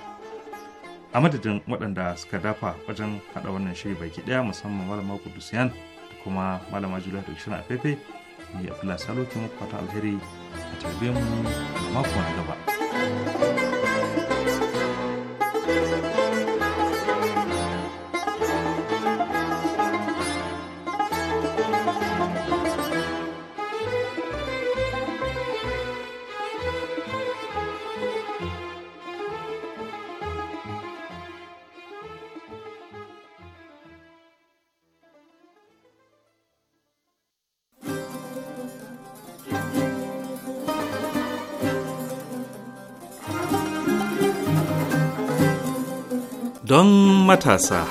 a madadin waɗanda suka dafa wajen haɗa wannan shiri baki ɗaya musamman malama kudusiyan da kuma malama juliya da shirin a fefe ni abdullahi salo ke muku alheri a tarbe mu a mako na gaba matasa.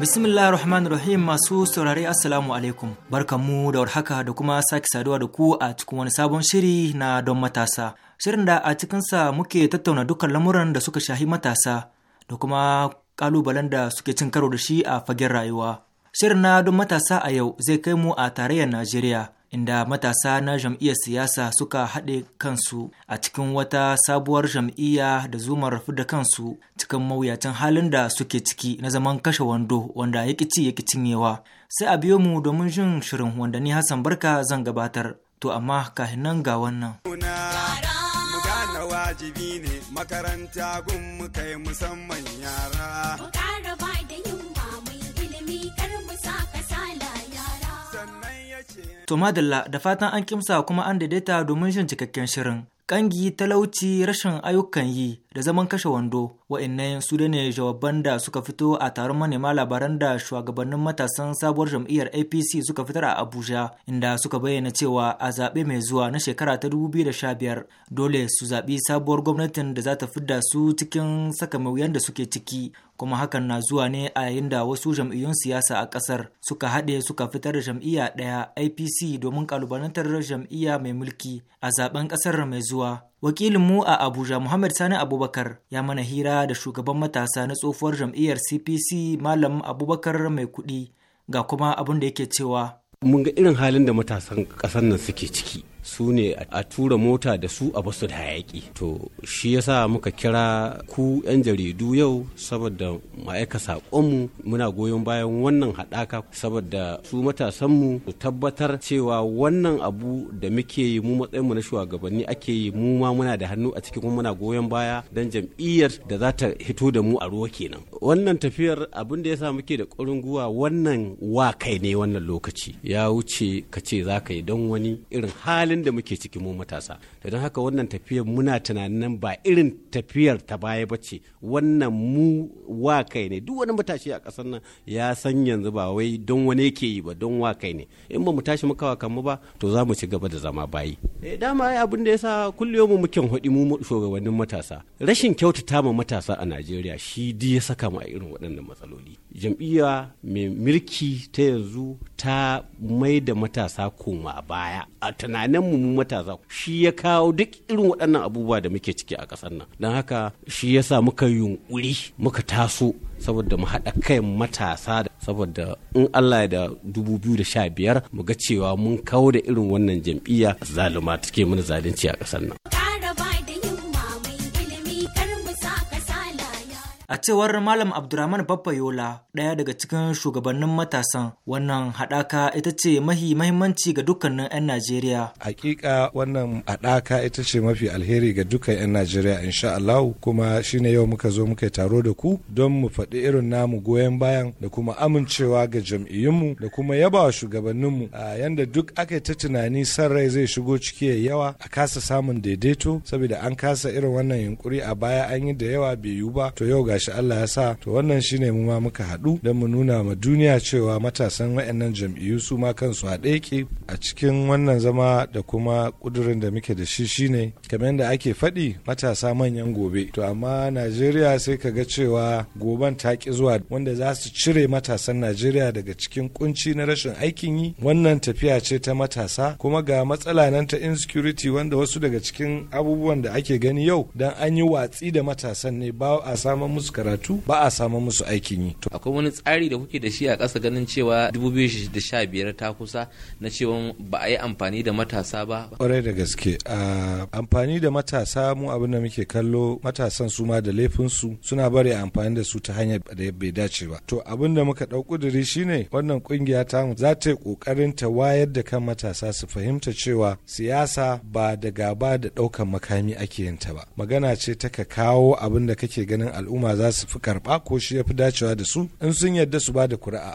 Bismillah Rahman Rahim masu saurare Assalamu alaikum. Barkanmu da warhaka da kuma sake saduwa da ku a cikin wani sabon shiri na don matasa. Shirin da a cikinsa muke tattauna dukkan lamuran da suka shahi matasa da kuma kalubalen da suke cin karo da shi a fagen rayuwa. Shirin na don matasa a yau zai kai mu a tarayyar Najeriya. inda matasa na jam'iyyar siyasa suka haɗe kansu a cikin wata sabuwar jam'iyya da zumar da kansu cikin mawuyacin halin da suke ciki na zaman kashe wando wanda ya ci ya cinyewa sai a biyo mu domin jin shirin wanda ni hassan barka zan gabatar to amma kahin nan ga wannan wajibi ne makaranta gun mu kai musamman yara. To madalla da fatan an kimsa kuma an daidaita domin shin cikakken shirin. Kangi, talauci rashin ayyukan yi da zaman kashe wando wa'annan su da ne jawaban da suka fito a taron manema labaran da shugabannin matasan sabuwar jam'iyyar apc suka fitar a abuja inda suka bayyana cewa a zaɓe mai zuwa na shekara ta 2015 dole su zaɓi sabuwar gwamnatin da za ta fidda su cikin saka mawuyan da suke ciki kuma hakan na zuwa ne a yayin da wasu jam'iyyun siyasa a ƙasar suka haɗe suka fitar da jam'iyya ɗaya apc domin ƙalubalantar jam'iyya mai mulki a zaben ƙasar mai zuwa wakilinmu a abuja muhammad sani abubakar ya mana hira da shugaban matasa na tsohuwar jam'iyyar cpc malam abubakar mai Kudi ga kuma abin da yake cewa mun ga irin halin da matasan ƙasar nan suke ciki su ne a tura mota da su a basu da hayaki to shi yasa muka kira ku 'yan jaridu yau saboda ma'aika saƙonmu muna goyon bayan wannan haɗaka saboda su matasanmu su tabbatar cewa wannan abu da muke yi mu matsayinmu na shugabanni ake yi mu ma muna da hannu a cikin kuma muna goyon baya don jam'iyyar da za ta hito da mu a ruwa kenan wannan tafiyar abin da yasa muke da ƙwarin gwiwa wannan wa kai ne wannan lokaci ya wuce ka ce za ka yi don wani irin halin halin da muke ciki mu matasa da don haka wannan tafiyar muna tunanin ba irin tafiyar ta baya ba ce wannan mu wa kai ne duk wani matashi a kasar nan ya san yanzu ba wai don wani yake yi ba don wa kai ne in ba mu tashi muka wa kanmu ba to za mu ci gaba da zama bayi eh dama ai abin da yasa kullum mu muke hudi mu shugabannin matasa rashin kyautata ma matasa a Najeriya shi di ya saka mu a irin waɗannan matsaloli jam'iyya mai mulki ta yanzu ta mai da matasa koma baya a tunaninmu mu matasa shi ya kawo duk irin waɗannan abubuwa da muke ciki a ƙasar nan don haka shi ya sa muka yunƙuri muka taso saboda mu haɗa kai matasa saboda in Allah ya da 2015 mu ga cewa mun kawo da irin wannan jam'iyya zaluma take mana zalunci a ƙasar nan. A cewar Malam Abdurrahman Yola, ɗaya daga cikin shugabannin matasan, wannan haɗaka ita ce mahi mahimmanci ga dukkanin 'yan Najeriya. Hakika wannan haɗaka ita ce mafi alheri ga dukkan 'yan Najeriya insha Allah kuma shine yau muka zo muka taro da ku don mu faɗi irin namu goyon bayan da kuma amincewa ga jam'iyyunmu da kuma yaba wa shugabanninmu a yanda duk aka ta tunani san rai zai shigo ciki ya yawa a kasa samun daidaito saboda an kasa irin wannan yunkuri a baya an yi da yawa bai yiwu ba to yau ga shi Allah ya sa to wannan shine mu ma muka haɗu don mu nuna ma duniya cewa matasan wayannan jam'iyyu su ma kansu a ɗaiƙe a cikin wannan zama da kuma ƙudurin da muke da shi shine kamar yadda ake faɗi matasa manyan gobe to amma Najeriya sai ka ga cewa goban ta ki zuwa wanda za su cire matasan Najeriya daga cikin kunci na rashin aikin yi wannan tafiya ce ta matasa kuma ga matsala nan ta insecurity wanda wasu daga cikin abubuwan da ake gani yau dan an yi watsi da matasan ne ba a samun musu karatu ba a samu musu aikin yi akwai wani tsari da kuke da shi a ƙasa ganin cewa 2015 ta kusa na cewa ba a yi amfani da matasa ba kwarai da gaske amfani da matasa mu abin da muke kallo matasan su ma da laifin su suna bari a amfani da su ta hanyar da bai dace ba to abin da muka ɗau ƙuduri shine wannan ƙungiya ta za ta yi ƙoƙarin ta wayar da kan matasa su fahimta cewa siyasa ba da gaba da ɗaukan makami ake yin ta ba magana ce ta ka kawo abin da kake ganin al'umma za su fi karba ko shi ya fi dacewa da su in sun yarda su ba da kuri'a.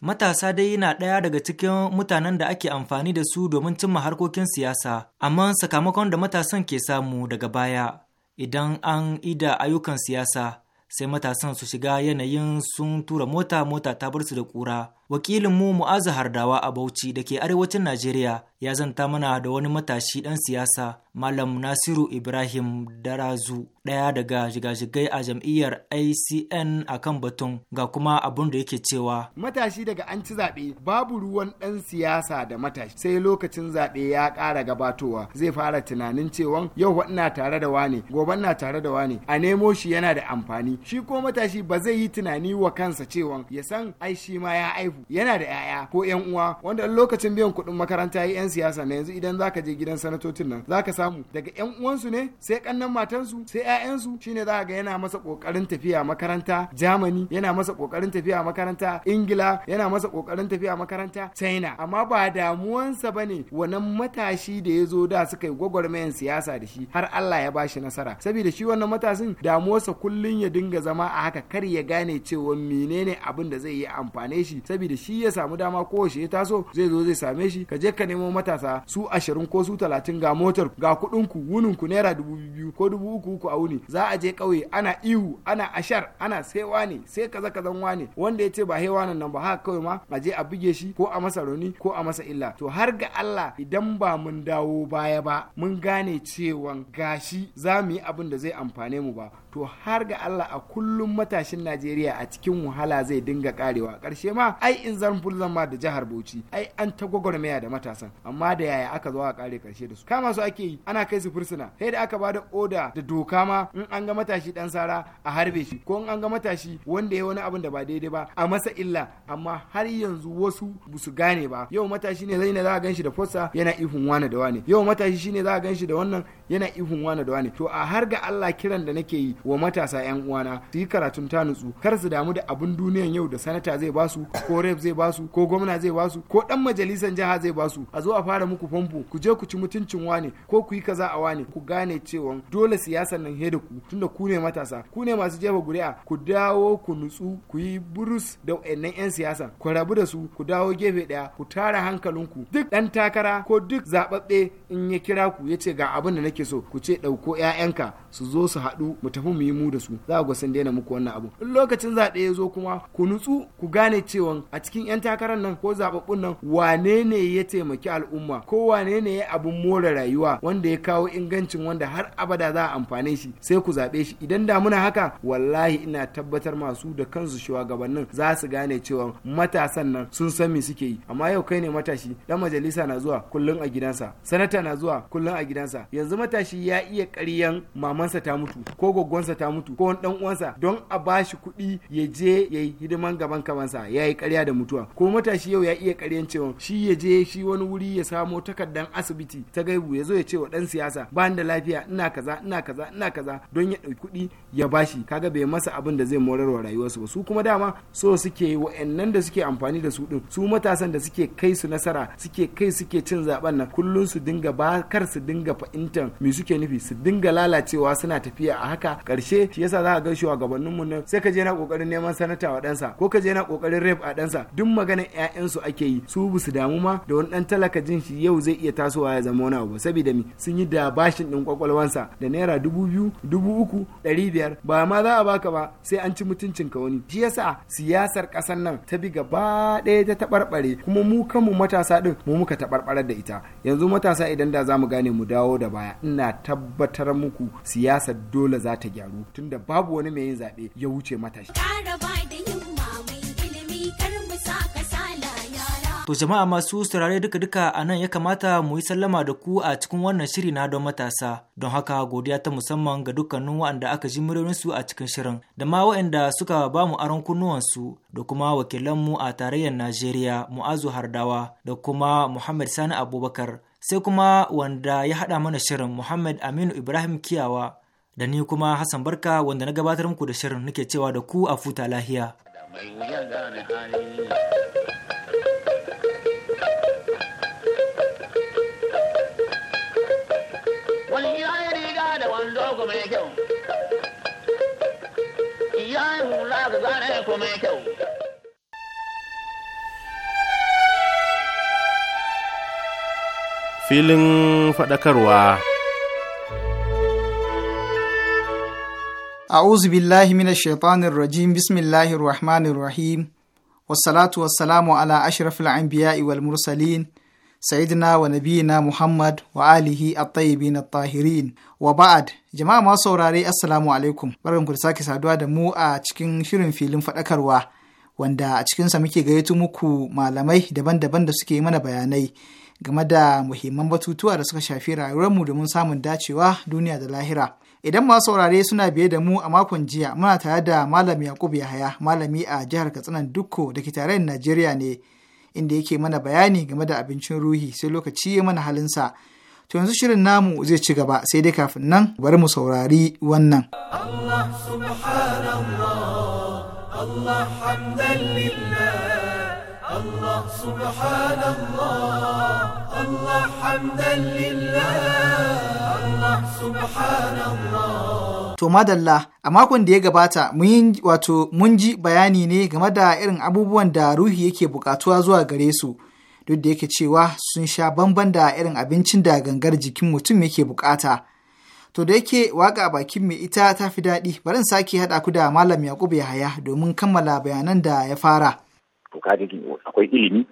matasa dai yana ɗaya daga cikin mutanen da ake amfani da su domin cimma harkokin siyasa, amma sakamakon da matasan ke samu daga baya idan an ida ayyukan siyasa sai matasan su shiga yanayin sun tura mota mota ta bar su da ƙura. wakilin mu mu'azu hardawa a bauchi da ke arewacin najeriya ya zanta mana da wani matashi ɗan siyasa malam nasiru ibrahim darazu ɗaya daga jigajigai a jam'iyyar ICN a kan batun ga kuma abun da yake cewa matashi daga an ci zaɓe babu ruwan ɗan siyasa da matashi sai lokacin zaɓe ya ƙara gabatowa zai fara tunanin cewa yau ina tare da wane gobe na tare da wane a nemo shi yana da amfani shi ko matashi ba zai yi tunani wa kansa cewa ya san ai shi ma ya haihu yana da 'ya'ya ko 'yan uwa wanda lokacin biyan kuɗin makaranta yi 'yan siyasa na yanzu idan zaka je gidan sanatocin nan zaka samu daga 'yan uwansu ne sai kannan matansu sai 'ya'yansu shine za ga yana masa kokarin tafiya makaranta Germany yana masa kokarin tafiya makaranta Ingila yana masa kokarin tafiya makaranta China amma ba damuwansa bane wannan matashi da ya zo da suka yi gwagwarmayan siyasa da shi har Allah ya bashi nasara saboda shi wannan matasin damuwarsa kullun ya dinga zama a haka kar ya gane cewa menene abin da zai yi amfane shi Da shi ya samu dama ko kowace ya taso zai zo zai same shi ka je ka nemo matasa su ashirin ko su talatin ga motar ga kuɗin ku wunin ku naira dubu biyu ko dubu uku uku a wuni za a je ƙauye ana ihu ana ashar ana saiwa ne sai kaza kazan wane wanda ya ce ba hewa nan ba haka kawai ma a je a buge shi ko a masa rauni ko a masa illa to har ga Allah idan ba mun dawo baya ba mun gane cewa gashi za mu yi abin da zai amfane mu ba to har ga Allah a kullum matashin Najeriya a cikin wahala zai dinga karewa karshe ma ai in zan fulzan ma da jihar Bauchi ai an ta gwagwarmaya da matasan amma da yaya aka zo a kare karshe da su kama su ake yi ana kai su fursuna sai da aka bada oda da doka ma in an ga matashi dan sara a harbe shi ko in an ga matashi wanda ya wani abin da ba daidai ba a masa illa amma har yanzu wasu su gane ba yau matashi ne zai ne za a ganshi da fossa yana ihun wani da wani yau matashi shine za a ganshi da wannan yana ihun wani da wani to a har ga Allah kiran da nake yi wa matasa yan uwana su yi karatun ta nutsu kar su damu da abun duniyan yau da sanata zai basu ko rep zai basu ko gwamna zai basu ko dan majalisan jiha zai basu a zo a fara muku famfo ku je ku ci mutuncin wane ko ku yi kaza a wane ku gane cewa dole siyasan nan he ku tunda ku ne matasa ku ne masu jefa guri'a ku dawo ku nutsu ku yi burus da wayannan yan siyasa ku rabu da su ku dawo gefe daya ku tara hankalinku duk dan takara ko duk zababbe in ya kira ku ya ce ga abin da nake so ku ce dauko 'ya'yanka su zo su haɗu mu tafi mu yi mu da su za ku sun daina muku wannan abu in lokacin zaɓe ya zo kuma ku nutsu ku gane cewa a cikin 'yan takarar nan ko zaɓaɓɓun nan wane ne ya taimaki al'umma ko wane ne ya abun more rayuwa wanda ya kawo ingancin wanda har abada za a amfane shi sai ku zaɓe shi idan da muna haka wallahi ina tabbatar masu da kansu shugabannin za su gane cewa matasan nan sun san me suke yi amma yau kai ne matashi dan majalisa na zuwa kullum a gidansa sanata na zuwa kullum a gidansa yanzu matashi ya iya karyan mamansa ta mutu ko gwaggon uwansa ta mutu ko dan uwansa don a bashi kuɗi ya je ya yi hidiman gaban kamansa ya yi ƙarya da mutuwa ko matashi yau ya iya ƙaryan cewa shi ya je shi wani wuri ya samo takardan asibiti ta gaibu ya zo ya ce wa ɗan siyasa ba da lafiya ina kaza ina kaza ina kaza don ya ɗauki kuɗi ya bashi kaga bai masa abin da zai morar wa rayuwarsu ba su kuma dama so suke wa'annan da suke amfani da su din su matasan da suke kai su nasara suke kai suke cin zaben nan kullun su dinga ba su dinga fahimtar me suke nufi su dinga lalacewa suna tafiya a haka karshe shi yasa za ka ga mu nan sai ka je na kokarin neman sanata wa ɗansa ko ka je na kokarin rape a dansa duk maganar ƴaƴansu ake yi su bu su damu ma da wani dan talaka jin shi yau zai iya tasowa ya zama wani abu saboda mi sun yi da bashin ɗin kwakwalwansa da naira dubu biyu dubu uku ɗari biyar biyar ba ma za a baka ba sai an ci mutuncin ka wani shi yasa siyasar ƙasar nan ta bi gaba ɗaya ta taɓarɓare kuma mu kanmu matasa ɗin mu muka taɓarɓarar da ita yanzu matasa idan da za mu gane mu dawo da baya ina tabbatar muku siyasar dole za ta gyaru tunda babu wani mai yin zaɓe ya wuce matashi. To jama'a masu saurare duka-duka a nan ya kamata mu yi sallama da ku a cikin wannan shiri na don matasa. Don haka godiya ta musamman ga dukkanin waɗanda aka ji su a cikin shirin, da ma waɗanda suka ba mu aron kunnuwansu da kuma wakilanmu a tarayyar Najeriya Mu'azu Hardawa da kuma Muhammad Sani Abubakar. Sai kuma wanda ya haɗa mana shirin Muhammad Aminu Ibrahim Kiyawa da ni kuma Hassan Barka wanda na gabatar muku da shirin nake cewa da ku a futa lahiya. kun hula ga zane ku Filin faɗakarwa uzu billahi minash shaitanir rajim bismillahir rahmanir rahim wassalatu wassalamu ala ashrafil anbiya'i wal mursalin sayyidina wa nabiyina Muhammad wa alihi at-tayyibin at-tahirin wa ba'ad jama'a masu saurare assalamu alaikum barkanku da sake saduwa da mu a cikin shirin filin faɗakarwa wanda a cikinsa muke gayyato muku malamai daban-daban da suke mana bayanai game da muhimman batutuwa da suka shafi rayuwarmu domin samun dacewa duniya da lahira idan masu saurare suna biye da mu a makon jiya muna tare da malam Yakubu yahaya malami a jihar katsina dukko da ke najeriya ne inda yake mana bayani game da abincin ruhi sai lokaci ya mana halinsa to yanzu shirin namu zai ci gaba sai dai kafin nan bari mu saurari wannan Allah subhanallah Allah subhanallah To madalla a makon da ya gabata wato mun ji bayani ne game da irin abubuwan da ruhi yake bukatuwa zuwa gare su duk da yake cewa sun sha bamban da irin abincin da gangar jikin mutum yake bukata. To da yake waka a bakin mai ita ta fi daɗi bari in sake haɗa ku da Malam Yakubu Yahaya domin kammala bayanan da ya fara. To akwai ilimi,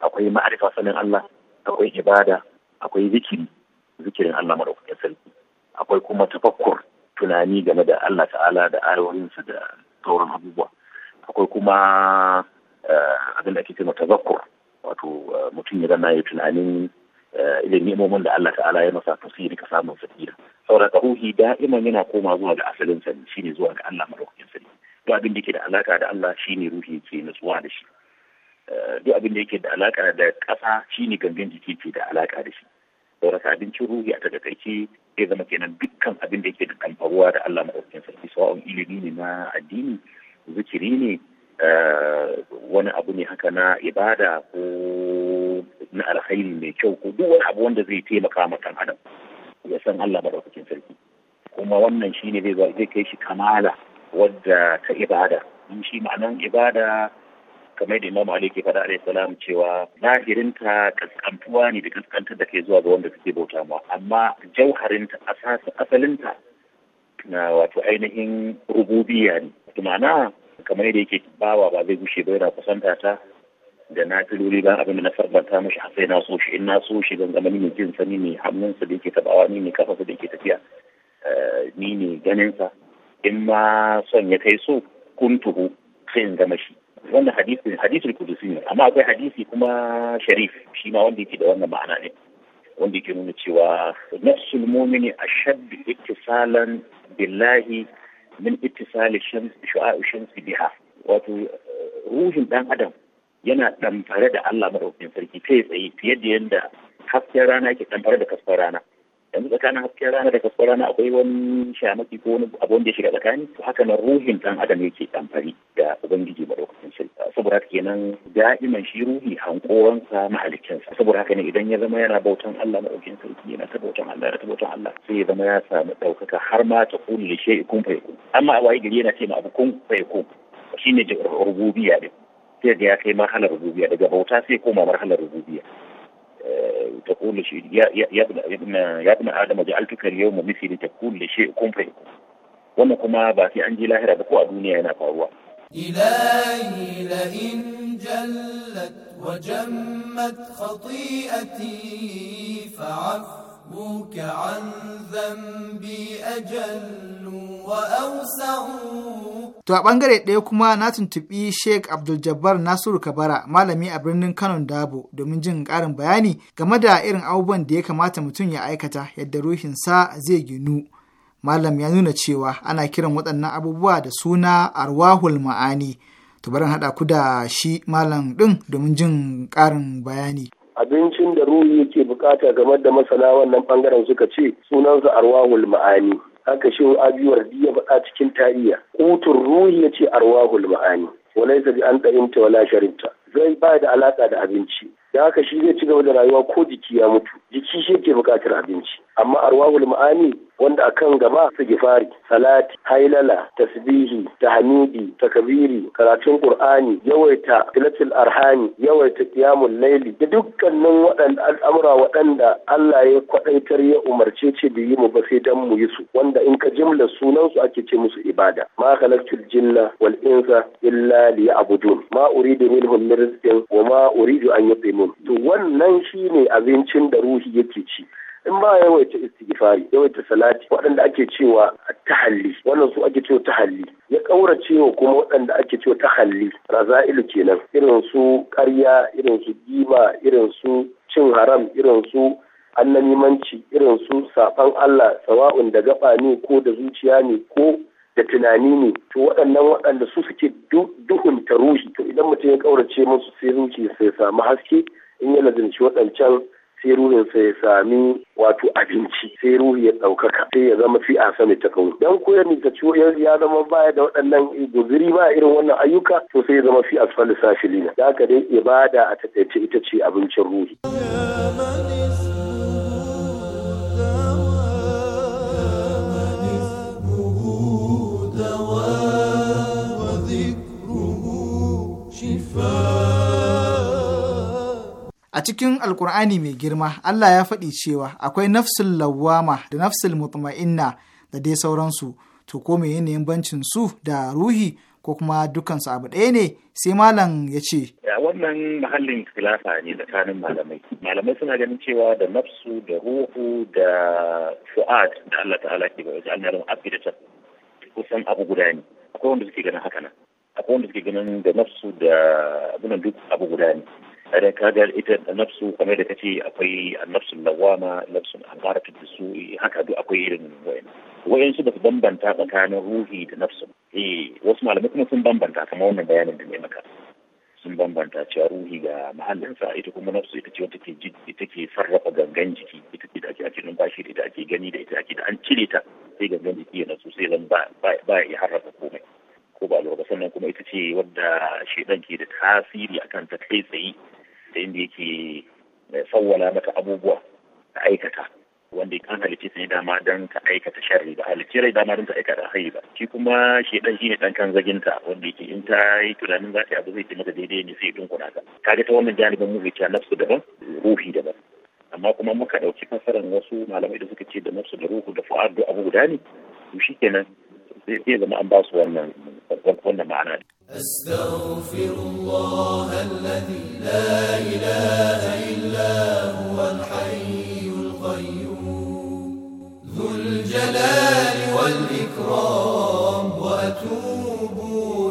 akwai ma'arifa sanin Allah, akwai ibada, akwai zikiri, zikirin Allah maɗaukakin sarki, akwai kuma tafakkur tunani game da Allah ta'ala da ayoyinsa da sauran abubuwa akwai kuma eh, abin da ake cewa tazakkur wato eh, mutum ya zama ya tunanin eh, irin ni'imomin da Allah ta'ala ya masa to ka samu samun saboda ka ruhi da'iman yana koma zuwa ga asalin sa shine zuwa ga Allah madaukakin sarki duk abin da yake da alaka da Allah shine ruhi ke nutsuwa da shi duk abin da yake da alaka da ƙasa shine gangan jiki ke da alaka da shi saboda abincin ruhi a takaice zai zama kenan dukkan abin da yake da kamfaruwa da Allah maɗaukakin sarki sawa'un ilimi ne na addini zikiri ne eh, wani abu ne haka na ibada ko na alkhairi mai kyau ko duk wani abu wanda zai taimaka ma kan adam ya san Allah maɗaukakin sarki kuma wannan shine zai zai kai shi kamala wadda ta ibada in shi ma'anan ibada kamar da imamu Ali ke faɗa alaihi salam cewa zahirinta kaskantuwa ne da kaskantar da ke zuwa ga wanda suke bauta mu. amma jauharinta asalinta na wato ainihin rububiya ne ma'ana kamar da yake bawa ba zai gushe ba yana kusanta ta da na filoli ban abin da na farbanta mashi a sai na so shi in na so shi zan zama ni ne jin sani ne hannunsa da yake tabawa ni ne kafarsa da yake tafiya eh, ni ne ganinsa in ma son ya kai so kuntuhu sai in zama shi wannan hadisi hadisul kudusi ne amma akwai hadisi kuma sharif shi ma wanda yake da wannan ma'ana ne wanda yake nuna cewa nafsul mu'mini ashadd ittisalan billahi min ittisali shams shu'a'i shamsi biha wato ruhin dan adam yana damfare da Allah madaukakin sarki kai tsaye fiye da yadda hasken rana yake damfare da kasfar rana yanzu tsakanin hasken rana da kasuwar rana akwai wani shamaki ko wani abu wanda ya shiga tsakani to haka nan ruhin dan adam yake amfani da ubangiji madaukakin sarki saboda haka kenan da'iman shi ruhi hankoransa mahalicinsa saboda haka ne idan ya zama yana bautan Allah ɗaukin sarki yana ta bautan Allah yana ta bautan Allah sai ya zama ya samu ɗaukaka har ma ta kuli da shi kun fa amma a waye gari yana ce ma abu kun shine rububiya din sai ga ya kai marhalar rububiya daga bauta sai koma marhalar rububiya تقول يا يا ابن يا ابن يا ابن ادم جعلتك اليوم مثلي تقول لشيء كن فيكون wannan kuma ba sai an je الدنيا هنا فهو إلهي لئن جلت وجمت خطيئتي فعفو ربك عن ذنبي أجل وأوسع To a ɓangare ɗaya kuma na tuntuɓi Sheikh Abdul Jabbar Nasiru Kabara malami a birnin Kano Dabo domin jin ƙarin bayani game da irin abubuwan da ya kamata mutum ya aikata yadda ruhinsa zai ginu. Malam ya nuna cewa ana kiran waɗannan abubuwa da suna arwahul ma'ani. To barin haɗa ku da shi malam ɗin domin jin ƙarin bayani. abincin da ruhi yake bukata game da masana wannan bangaren suka ce sunansa arwahul ma'ani haka shi abiyuwar ya faɗa cikin tariya kutun ruhi ya ce arwahul ma'ani walaisa bi an ɗarinta wala sharinta zai ba da alaƙa da abinci da haka shi zai ci gaba da rayuwa ko jiki ya mutu jiki shi yake bukatar abinci amma arwahul ma'ani wanda akan gaba su gifari salati hailala tasbihi tahmidi takbiri karatun qur'ani yawaita tilatul arhani yawaita qiyamul laili da dukkanin waɗanda al'amura waɗanda Allah ya kwadaitar ya umarce ce da yi mu ba sai dan mu yi su wanda in ka jimla sunan su ake ce musu ibada ma khalaqtul jinna wal insa illa liya'budun ma uridu minhum min rizqin wa ma uridu an yutimun to wannan shine abincin da ruhi yake ci in ba yawaita istighfari yawaita salati waɗanda ake cewa tahalli wannan su ake cewa tahalli ya kaurace wa kuma waɗanda ake cewa tahalli razailu kenan irin su ƙarya irin su gima, irin su cin haram irin su annamimanci irin su saɓan Allah sawa'un da gaba ne ko da zuciya ne ko da tunani ne to waɗannan waɗanda su suke duhun ta ruhi to idan mutum ya ƙaurace musu sai zuciya sai samu haske in ya lazimci waɗancan sai ruhinsa ya sami wato abinci sai ruhi ya ɗaukaka sai ya zama fi a sami ta kawo dan ko ya nita ciwo ya zama baya da waɗannan guziri ba irin wannan ayyuka to sai ya zama fi asfali safilina da haka dai ibada a takaice ita ce abincin ruhi. A cikin Alkur'ani mai girma, Allah ya faɗi cewa akwai nafsul lawwama da nafsul mutma'inna da dai sauransu, to ko me yanayin bancin su da ruhi ko kuma dukansu abu ɗaya ne sai malam ya ce. Wannan mahallin kilasa ne tsakanin malamai. Malamai suna ganin cewa da nafsu da ruhu da fu'ad da Allah ta'ala ke ba wajen annarin abidata kusan abu guda ne. Akwai wanda suke ganin haka nan. Akwai wanda suke ganin da nafsu da abu guda ne. da kaga ita nafsu kamar da kace akwai nafsun lawama nafsun da su haka duk akwai irin wayan wayan ba su bambanta tsakanin ruhi da nafsu eh wasu malamai kuma sun bambanta kamar wannan bayanin da ne maka sun bambanta cewa ruhi ga mahallinsa ita kuma nafsu ita ce wata ke ita ke sarrafa gangan jiki ita ce da ake ake numfashi da ita ake gani da ita ake da an cire ta sai gangan jiki ya nasu sai zan ba ya harrafa komai ko ba lura sannan kuma ita ce wadda shedan ke da tasiri akan ta kai tsaye da inda yake tsawwala eh, maka abubuwa ka aikata wanda an halicce su ne dama don ta aikata sharri ba halicce rai dama don ta aikata hayi ba shi kuma shedan shine dan kan zaginta wanda yake in ta yi tunanin za ta yi abu zai ce mata daidai ne sai dunkuna k'a kaga ta wannan janibin mu ta nafsu daban ruhi daban amma kuma muka dauki fasaran wasu malamai da suka ce da nafsu da ruhu da fu'adu abu guda ne to shikenan sai zama an ba su wannan wannan ma'ana أستغفر الله الذي لا إله إلا هو الحي القيوم ذو الجلال والإكرام وأتوب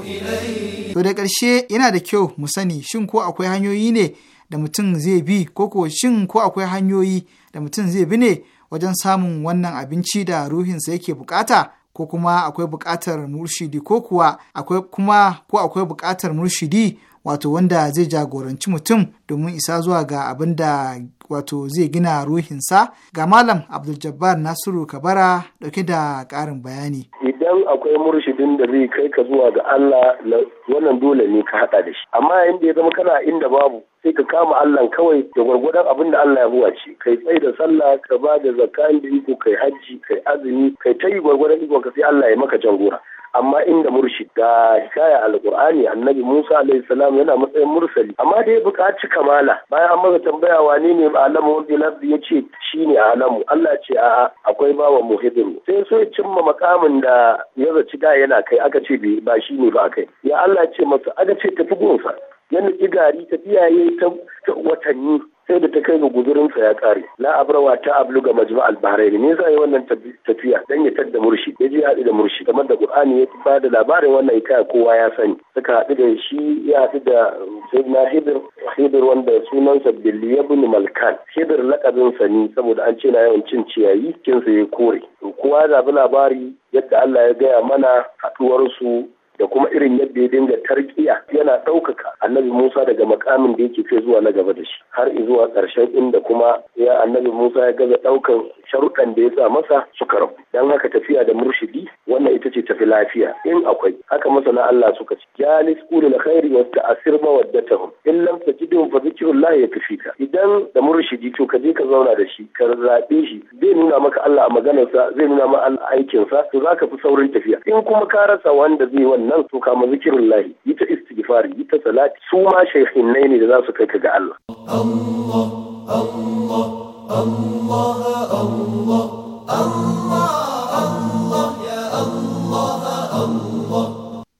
إليه To الشيء ƙarshe دكيو مساني شنكو أكوي sani shin da mutum zai bi ko ko shin ko akwai hanyoyi da mutum zai bi ne wajen samun wannan abinci da ruhinsa yake bukata? ko kuma akwai buƙatar murshidi ko kuwa akwai kuma ko akwai buƙatar murshidi wato wanda zai jagoranci mutum domin isa zuwa ga abin da wato zai gina ruhinsa ga malam abdul jabbar nasiru kabara dauke da karin bayani idan akwai murshidin da zai kai ka zuwa ga allah wannan dole ne ka hada da shi amma yayin ya zama kana inda babu sai ka kama allah kawai da gwargwadon abin da allah ya ce kai tsaye da sallah ka ba da zakka da iko kai hajji kai azumi kai ta yi gwargwadon iko ka sai allah ya maka jangora amma inda murshid ga hikaya alqur'ani annabi Musa alaihi salam yana matsayin mursali amma dai buƙaci kamala bayan an masa tambaya wane ne alamu wanda ce shi ne alamu Allah ce a akwai bawa muhibin sai so ya cimma makamin da ya zaci da yana kai aka ce ba shi ne ba kai ya Allah ce masa aka ce tafi gonsa. ya nufi gari ta ya ta watanni sai da ta kai ga sa ya kare la abrawa ta ablu ga majma al-bahrain ne sai wannan tafiya dan ya tadda murshi ya je hadu da murshi kamar da qur'ani ya ba da labarin wannan ita kowa ya sani suka haɗu da shi ya hadu da sayyidina hidir hidir wanda sunansa billi ibn malkan hidir lakabin sa ne saboda an ce na yawan cin ciyayi kinsa ya kore kowa ya zabi labari yadda Allah ya gaya mana haɗuwarsu da kuma irin yadda ya dinga tarkiya yana ɗaukaka annabi Musa daga makamin da yake kai zuwa na gaba da shi har zuwa ƙarshen inda kuma ya annabi Musa ya gaza ɗaukan sharuɗan da ya sa masa suka rabu dan haka tafiya da murshidi wannan ita ce tafi lafiya in akwai haka masana Allah suka ce jalis kairi khairi wa ta'sir mawaddatuhum in lam tajidhum fa zikrullah yakfika idan da murshidi to ka je ka zauna da shi ka zaɓe shi zai nuna maka Allah a maganarsa zai nuna maka aikinsa to zaka fi saurin tafiya in kuma ka rasa wanda zai wannan nan to kama zikirin lahi yi ta istighfari yi ta salati su ma shaihinai ne da za su kai ka ga Allah.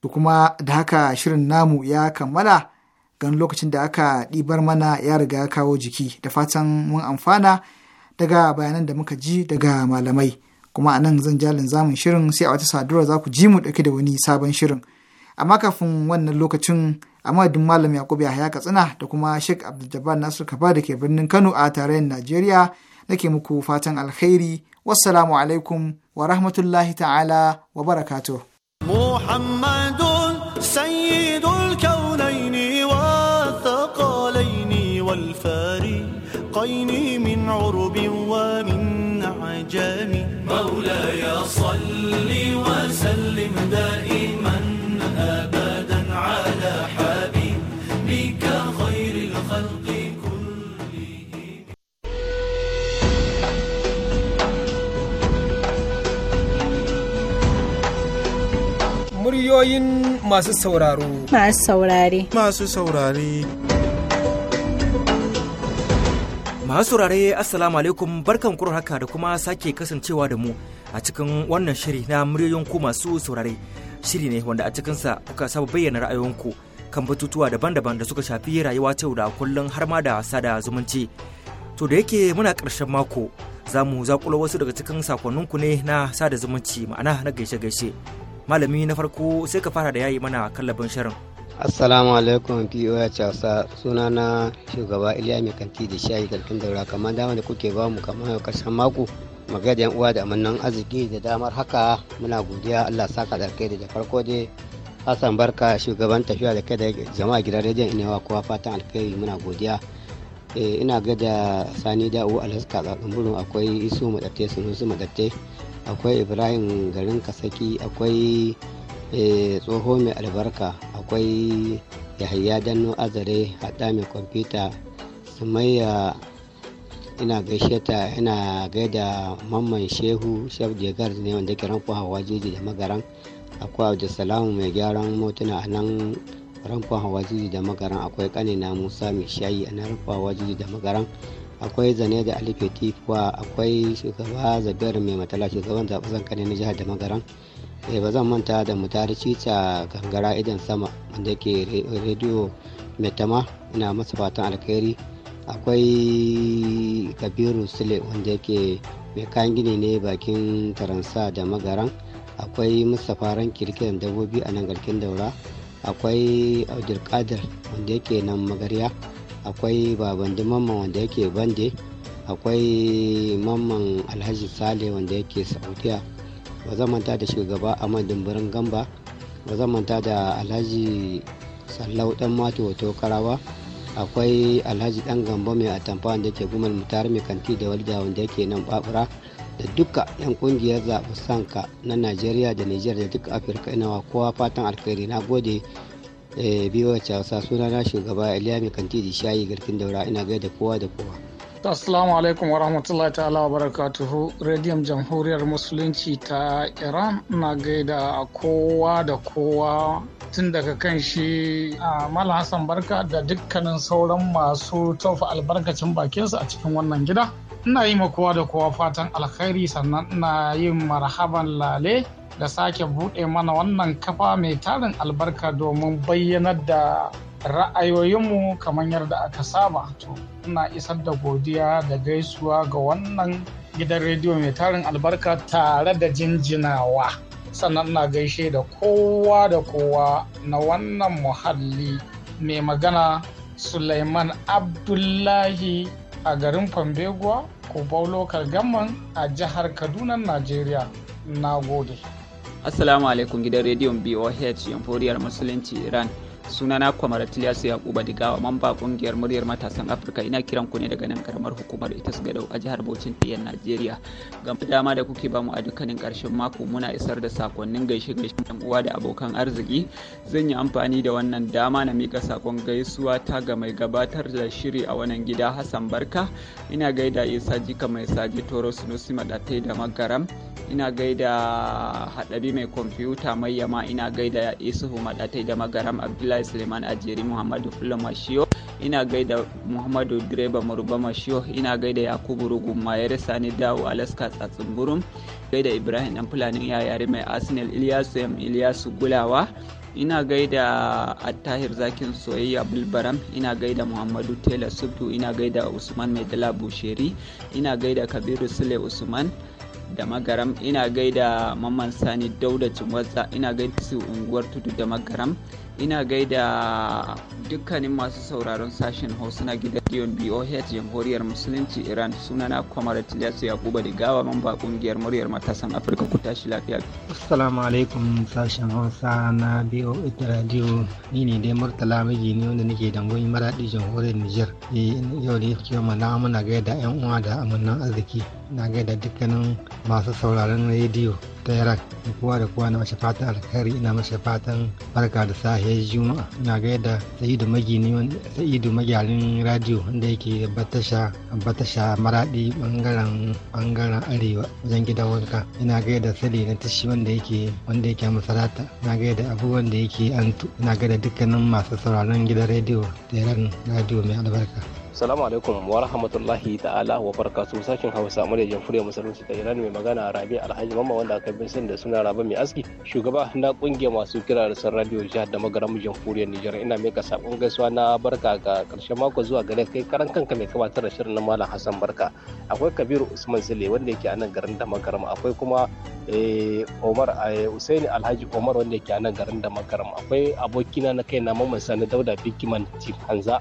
To kuma da haka shirin namu ya kammala gan lokacin da aka ɗibar mana ya riga kawo jiki da fatan mun amfana daga bayanan da muka ji daga malamai. kuma a nan zan jalin zamun shirin sai a wata sadura za ku ji mu ɗauke da wani sabon shirin amma kafin wannan lokacin a madadin malam yakubu yahaya katsina da kuma sheikh abdul nasir kaba da ke birnin kano a tarayyar najeriya nake muku fatan alkhairi wassalamu alaikum wa rahmatullahi ta'ala wa barakato. muhammadun sayyidul kaunaini wa thaqalaini wa min Muryoyin masu sauraro. Masu saurare. Masu saurare. Masu saurare Assalamu alaikum barkan kurar haka da kuma sake kasancewa da mu a cikin wannan shiri na muryoyin masu saurare. Shiri ne wanda a cikinsa kuka saba bayyana ra'ayoyinku kan batutuwa daban-daban da suka shafi rayuwa ta yau da kullum har ma da sada zumunci. To da yake muna ƙarshen mako za mu zaƙulo wasu daga cikin sakonninku ne na sada zumunci ma'ana na gaishe-gaishe. malami na farko sai ka fara da yayi mana kallabin shirin assalamu alaikum poa chausa suna na shugaba iliya mai kanti da shayi garkin daura kamar dama da kuke bamu kamar karshen mako magana da uwa da amannan arziki da damar haka muna godiya allah saka da kai da farko dai hassan barka shugaban tafiya da kai da jama'a gidan rediyon inewa kowa fatan alkhairi muna godiya eh, ina gada sani da'u alhaska tsatsin burin akwai isu madatte sunusu madatte akwai ibrahim garin kasaki akwai eh, tsoho mai albarka akwai yahaya danno azare haɗa mai kwamfuta sumayya ina gaishe ta ina gaida mamman shehu shaf jegar ne wanda kiran ku hawa jeji da magaran akwai abdulsalam mai gyaran motuna a nan ran hawa jiji da magaran akwai kanina musa mai shayi a nan ranfa hawa da magaran akwai zane da alifeti kuwa akwai shugaba zabiyar mai matala shugaban zaɓen kane na jihar da magaran eh, ba zan manta da mutari cica gangara idan sama wanda ke rediyo metama ina masa fatan alkhairi akwai kabiru sule wanda ke mai kayan gini ne bakin taransa da magaran akwai mustapha ran kirkiran dabbobi a nan garkin daura akwai abdulkadir wanda yake nan magarya akwai babandi mamman wanda yake bande akwai mamman alhaji sale wanda yake saudiya ba zan manta da shugaba ahmad dumburin gamba ba zan manta da alhaji sallau dan mato wato karawa akwai alhaji dan gamba mai atamfa wanda yake gumal mutar mai kanti da walda wanda yake nan babura da duka yan kungiyar zaɓi sanka na najeriya da nijar da duka afirka ina wa kowa fatan alkhairi na gode Eh, biyu wacce hausa suna na shugaba iliya mai kanti da shayi garkin daura ina gaida kowa da kowa Assalamu alaikum wa rahmatullahi ta'ala wa barakatuhu Radiyon Jamhuriyar Musulunci ta Iran na gaida kowa da kowa tun daga kan shi a Mala Hassan Barka da dukkanin sauran masu taufa albarkacin bakinsu a cikin wannan gida. Ina yi ma kowa da kowa fatan alkhairi sannan ina yin marhaban lale da sake buɗe mana wannan kafa mai tarin albarka domin bayyanar da ra'ayoyinmu kamar yadda aka saba to ina isar da godiya da gaisuwa ga wannan gidan rediyo mai tarin albarka tare da jinjinawa sannan na gaishe da kowa da kowa na wannan muhalli mai magana suleiman abdullahi a garin fambeguwa ko lokal gamman a jihar kaduna najeriya na gode Assalamu alaikum gidan rediyon BOH Yamforiyar Musulunci Iran. sunana kwamar tiliyasu yakuba digawa mamba ƙungiyar muryar matasan afirka ina kiran ku ne daga nan karamar hukumar ita su gadau a jihar bauchin tiyan najeriya ga dama da kuke bamu a dukkanin karshen mako muna isar da sakonnin gaishe gaishe uwa da abokan arziki zan yi amfani da wannan dama na mika sakon gaisuwa ta ga mai gabatar da shiri a wannan gida hassan barka ina gaida isa jika mai sage toro sunusi madatai da magaram ina gaida haɗabi mai kwamfuta mai ina gaida isuhu madatai da magaram abdullahi abdullahi suleiman ajeri muhammadu fulla mashiyo ina gaida muhammadu direba maruba mashiyo ina gaida yakubu rugu mayar sani dawo alaska tsatsunburum gaida ibrahim dan fulanin yare mai arsenal iliyasu yam iliyasu gulawa ina gaida attahir zakin soyayya bulbaram ina gaida muhammadu tela subdu ina gaida usman mai dala busheri ina gaida kabiru sule usman da magaram ina gaida mamman sani dauda cin ina gaida su unguwar tudu da magaram ina gaida dukkanin masu sauraron sashen hausa na gidan rediyon boh jamhuriyar musulunci iran sunana kwamar ya kuba da gawa mamba kungiyar muryar matasan afirka ku tashi lafiya assalamu alaikum sashen hausa na boh radio ni ne dai murtala miji ne wanda nake dangoyi maraɗi jamhuriyar niger eh, yau da yake yau mana muna gaida yan uwa da amannan arziki na gaida dukkanin masu sauraron rediyo ta yara da kowa da kowa na mashi fatan alkhairi ina mashi fatan barka da sahiyar juma'a ina gaida sa'idu magini sa'idu magyarin radio wanda yake batasha batasha maradi bangaren bangaren arewa wajen gidan wanka ina gaida sali na tashi wanda yake wanda yake masarata ina gaida abu wanda yake antu ina gaida dukkanin masu sauraron gidan radio da radio mai albarka Salamu alaikum wa rahmatullahi ta'ala wa barakatu sakin Hausa murya jamhuriyar musulunci ta Iran mai magana Rabi Alhaji Mamma wanda aka bin sun da suna Rabi mai aski shugaba na ƙungiyar masu kira da san radio jihar da magaramin jamhuriyar Nijar ina mai ka sabon gaisuwa na barka ga karshen mako zuwa gare kai karan kanka mai gabatar da shirin na Malam Hassan Barka akwai Kabiru Usman Sule wanda yake a nan garin da magaram akwai kuma eh, Omar eh, Usaini Alhaji Umar wanda yake a nan garin da magaram akwai abokina na kai na Mamman Sani Dauda Bikiman Chief Hanza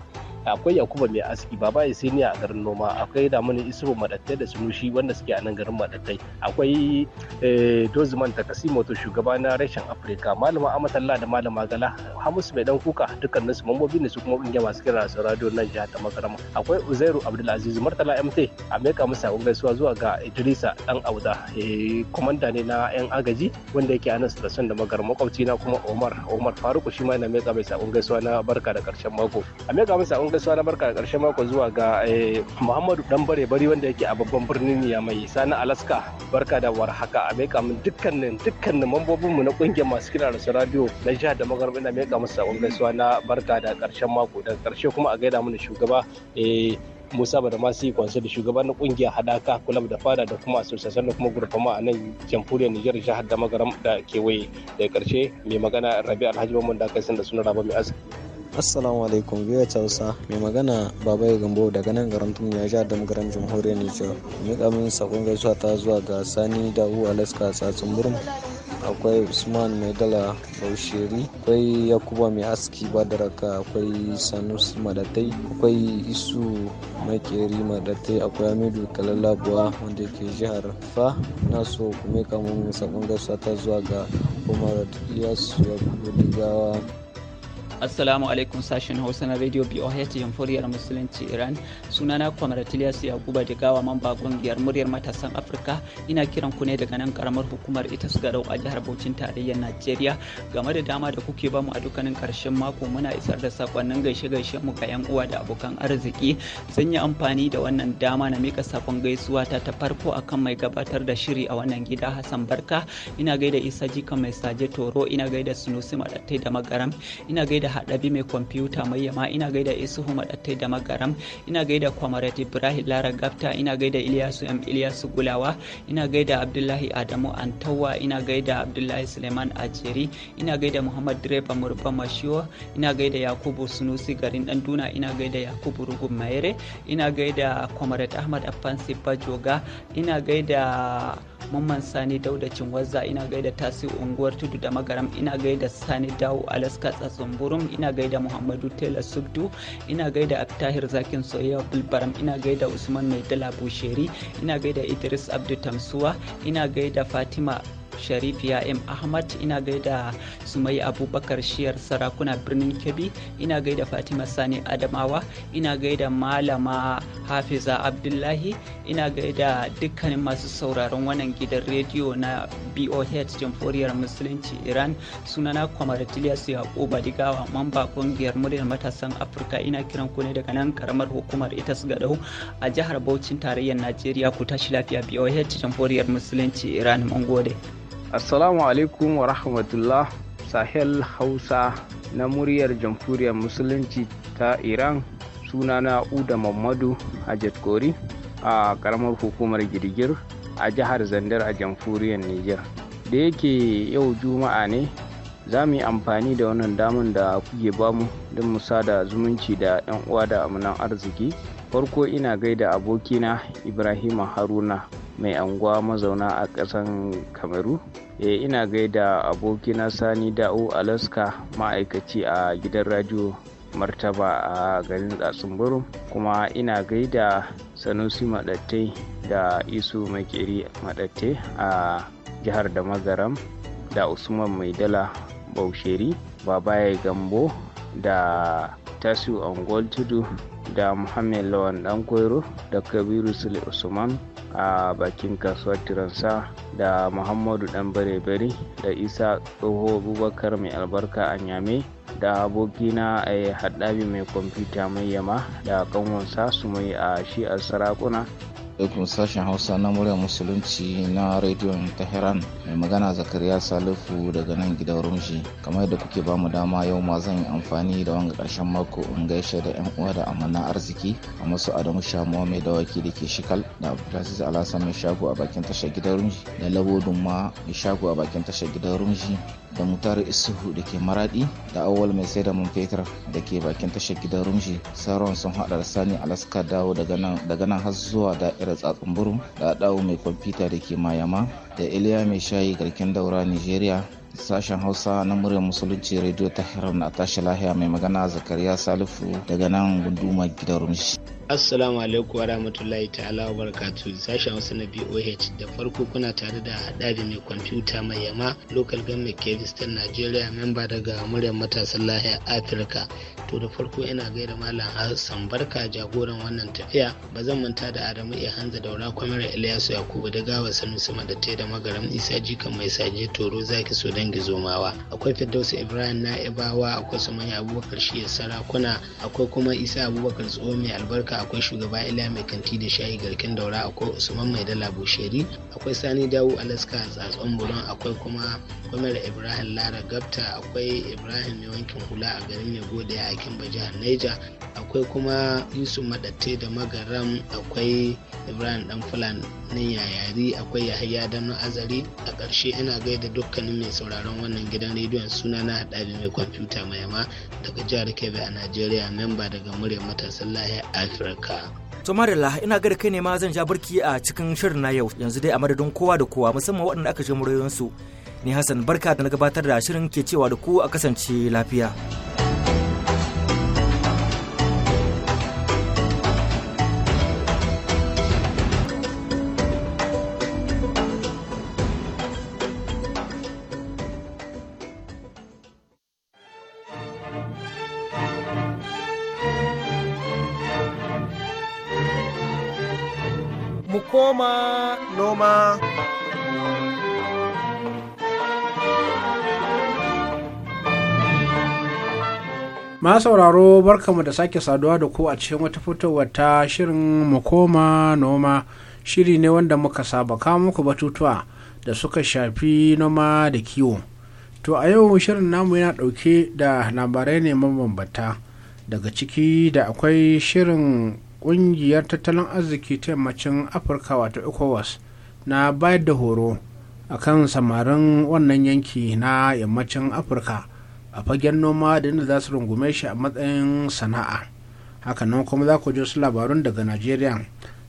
akwai yakuba mai aski baba ya a garin noma akwai damani isubu madattai da sunushi wanda suke a nan garin madattai akwai eh, doziman takasi to shugaba na reshen afirka malama amatalla da malama gala hamisu mai dan kuka dukkanin su mambobi ne su kuma kungiya masu kira su radio nan jiha ta makarama akwai uzairu abdulaziz martala mt a ka musa sakon gaisuwa zuwa ga idrisa dan auda eh, komanda ne na yan agaji wanda yake a nan station da magar makwabci na kuma omar omar faruku shi ma yana mai sakon gaisuwa na barka da karshen mako a mai mai sakon gaisuwa na barka da ƙarshen mako zuwa ga eh, Muhammadu Dan Bare Bari wanda yake a babban birnin mai Sani Alaska barka da warhaka a meka min dukkanin dukkanin mambobin mu na kungiyar masu kira da su radio na jihar da magarbi ina meka musu sakon gaisuwa na barka da ƙarshen mako da ƙarshe kuma a gaida mana shugaba eh, Musa Masu yi Kwanso da shugaban na kungiyar hadaka kulab da fada da kuma asusasan da kuma gurfama a nan jamhuriyar Nijar jihar da magaram da kewaye da karshe mai magana Rabi Alhaji Bamman da kai da suna Raba mai assalamu alaikum biyu hausa mai magana baba ya gambo daga nan garin tum ya sha damgaran jamhuriyar nijar miƙa min sakon gaisuwa ta zuwa ga sani dawu alaska tsatsun burin akwai usman mai dala bausheri akwai yakuba mai aski badaraka akwai sanus madatai akwai isu makeri madatai akwai hamidu kalalabuwa wanda ke jihar fa na so kuma kamar sakon gaisuwa ta zuwa ga umar iyasu ya Assalamu alaikum sashen Hausa na Radio BOH Jamhuriyar Musulunci Iran. Sunana Kwamar Tiliyasu yaguba da gawa mamba kungiyar muryar matasan Afirka. Ina kiran ku ne daga nan karamar hukumar ita su garau a jihar Bauchin tarayyar Najeriya. Game da dama da kuke bamu a dukkanin karshen mako muna isar da sakonnin gaishe-gaishe mu ga yan uwa da abokan arziki. Zan yi amfani da wannan dama na mika sakon gaisuwa ta ta farko akan mai gabatar da shiri a wannan gida Hassan Barka. Ina gaida Isa Jika mai saje Toro, ina gaida Sunusi Madattai da Magaram, ina gaida haɗabi mai kwamfuta mai yama ina gaida isuhu maɗattai da magaram ina gaida kwamarat ibrahim lara gafta ina gaida iliyasu m iliyasu gulawa ina gaida abdullahi adamu antawa ina gaida abdullahi suleiman ajeri ina gaida muhammad direba murba mashiwa ina gaida yakubu sunusi garin dan duna ina gaida yakubu rugun mayere ina gaida kwamarat ahmad afansi bajoga ina gaida mamman sani daudacin cinwazza ina gaida tasi unguwar tudu da magaram ina gaida sani dawo alaska tsatsun ina gaida muhammadu taylor subdu ina gaida abtahir zakin soyayya bulbaram ina gaida usman mai dala busheri ina gaida idris abdu tamsuwa ina gaida fatima sharif ya m ahmad ina gaida sumai abubakar shiyar sarakuna birnin kebbi ina gaida fatima sani adamawa ina gaida malama hafiza abdullahi ina gaida dukkanin masu sauraron wannan gidan rediyo na boh jamhuriyar musulunci iran sunana kwamar julius yakuba digawa mamba kungiyar muryar matasan afirka ina kiran ku ne daga nan karamar hukumar itas gadau a jihar bauchin tarayyar najeriya ku tashi lafiya boh jamhuriyar musulunci iran mun Assalamu alaikum wa rahmatullah Sahel Hausa na muryar jamhuriyar Musulunci ta Iran suna sunana Uda Mamadu Hajjat Kori a karamar hukumar girgir a jihar Zandar a jamhuriyar Nijar. Da yake yau Juma'a ne za mu yi amfani da wannan damar da kuke bamu don mu sada zumunci da 'yan uwa da amunan arziki farko ina gaida abokina Ibrahim haruna mai anguwa mazauna a ƙasan kameru e, eh, ina gaida abokina sani da'o alaska ma'aikaci a gidan radio martaba a garin tsatsunburu kuma ina gaida sanusi maɗatte da isu makeri maɗatte a jihar da magaram da usman mai maidala bausheri babaye gambo da tasiu angol tudu da muhammed lawan dan da kabiru sule usman a bakin kasuwar tiransa da muhammadu dan bare-bare da isa tsoho abubakar mai albarka a nyame da abokina a eh, haɗabi mai kwamfuta mai yama da kanwansa su mai a shi a sarakuna alaikum sashen hausa na murya musulunci na rediyon Tahiran, mai magana zakariya salifu daga nan gidan rumshi kamar yadda kuke bamu dama yau ma zan yi amfani da wanga karshen mako in gaishe da yan uwa da amana arziki a masu adamu shamu mai dawaki da ke shikal da abdulaziz alhassan mai shago a bakin tashar gidan rumshi da labodun ma mai shago a bakin tashar gidan rumshi da mutar isuhu da ke maradi da awal mai sai da man fetur da ke bakin tashar gidan rumshi sauran sun haɗa da sani alaska dawo daga nan har zuwa da'irar da tsatsun burum da dawo mai kwamfuta da ke mayama da iliya mai shayi garken daura nigeria sashen hausa na muryar musulunci radio ta na tashi lahiya mai magana zakariya salifu daga nan gunduma gidan rumshi Assalamu alaikum wa rahmatullahi ta'ala wa barakatu sashen wasu na BOH da farko kuna tare da haɗari mai kwamfuta mai yama local government kebis nigeria Najeriya memba daga muryar matasan lahiya Afirka to da farko yana gaida malam hassan barka jagoran wannan tafiya ba zan manta da adamu iya hanza daura kwamar ilyasu yakubu da gawa sanusi ta da magaram isa jika mai saje toro zaki so dangi zomawa akwai firdausu ibrahim na ibawa akwai su manya abubakar shi ya sarakuna akwai kuma isa abubakar tsoho mai albarka akwai shugaba ila mai kanti da shayi garkin daura akwai usman mai dala busheri akwai sani dawu alaska tsatson buron akwai kuma kwamar ibrahim lara gabta akwai ibrahim mai wankin hula a garin ya gode aikin ba jihar Niger akwai kuma Yusuf Madatte da Magaram akwai Ibrahim Dan Fulani yayari akwai Yahaya Dan Azari a ƙarshe ina gaida dukkanin mai sauraron wannan gidan rediyon suna na haɗari mai kwamfuta mai ma daga jihar Kebbi a Najeriya memba daga murya matasan lahiyar Afirka. To Marilla ina gada kai ne ma zan ja barki a cikin shirin na yau yanzu dai a madadin kowa da kowa musamman waɗanda aka je murayensu. Ni Hassan barka da na gabatar da shirin ke cewa da ku a kasance lafiya. koma noma. Ma sauraro barkamu da sake saduwa da ku a cikin wata fitowar ta shirin mu koma noma shiri ne wanda muka saba kawo muku batutuwa da suka shafi noma da kiwo. To a yau shirin namu yana ɗauke da labarai ne mabambanta daga ciki da akwai shirin ƙungiyar tattalin arziki ta yammacin afirka wato ecowas na bayar da horo a kan samarin wannan yanki na yammacin afirka a fagen noma da inda za su rungume shi a matsayin sana'a hakanan kuma za ku ji su labarun daga najeriya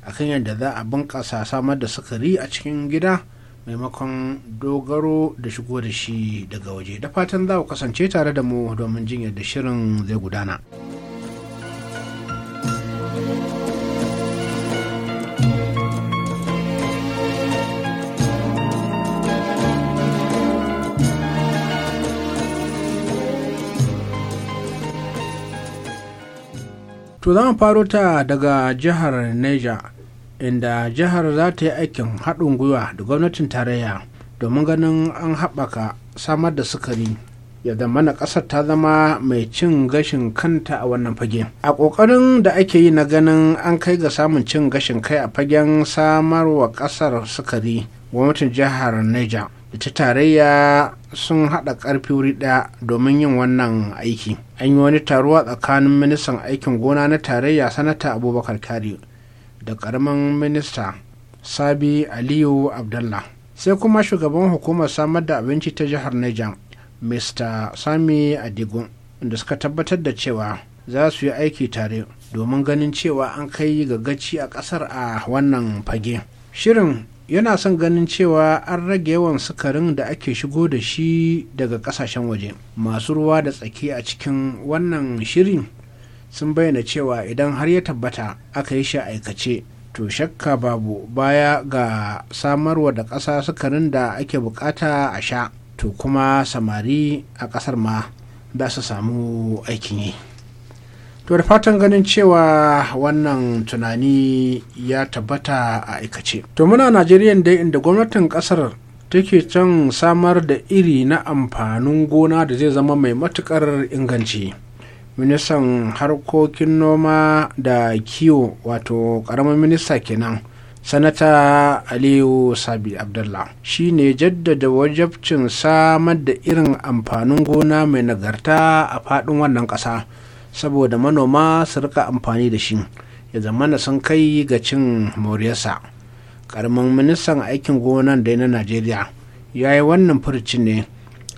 akan yadda za a bunƙasa samar da sukari a cikin gida maimakon dogaro da shigo da shi daga waje da fatan za ku kasance tare da mu domin jin yadda shirin zai gudana. to za mu faro ta daga jihar Neja inda jihar za ta yi aikin haɗin gwiwa da gwamnatin tarayya domin ganin an haɓaka samar da sukari ya zama na ƙasar ta zama mai cin gashin kanta a wannan fage a ƙoƙarin da ake yi na ganin an kai ga samun cin gashin kai a fagen samarwa ƙasar sukari gwamnatin jihar Neja. ta tarayya sun haɗa ƙarfi wuri ɗaya domin yin wannan aiki an yi wani taruwa tsakanin ministan aikin gona na tarayya sanata abubakar kari da ƙaramin minista sabi aliyu Abdullah. sai kuma shugaban hukumar samar da abinci ta jihar niger mr sami adigun da suka tabbatar da cewa za su yi aiki tare domin ganin cewa an kai gagaci a ƙasar a wannan fage shirin yana son ganin cewa an rage yawan sukarin da ake shigo da shi daga kasashen waje masu ruwa da tsaki a cikin wannan shirin sun bayyana cewa idan har ya tabbata aka yi shi aikace to shakka babu baya ga samarwa da ƙasa sukarin da ake bukata a sha to kuma samari a ƙasar ma za su samu aikin yi. to da fatan ganin cewa wannan tunani ya tabbata a aikace to muna najeriya da inda gwamnatin kasar take can samar da iri na amfanin gona da zai zama mai matukar inganci ministan harkokin noma da kiwo wato karamin minista kenan sanata aliyu sabi abdullah shi ne jaddada wajabcin samar da irin amfanin gona mai nagarta a faɗin wannan ƙasa saboda manoma su rika amfani da shi ya zamana sun kai ga cin moriyarsa karamin ministan aikin gonan da na najeriya ya yi wannan furcin ne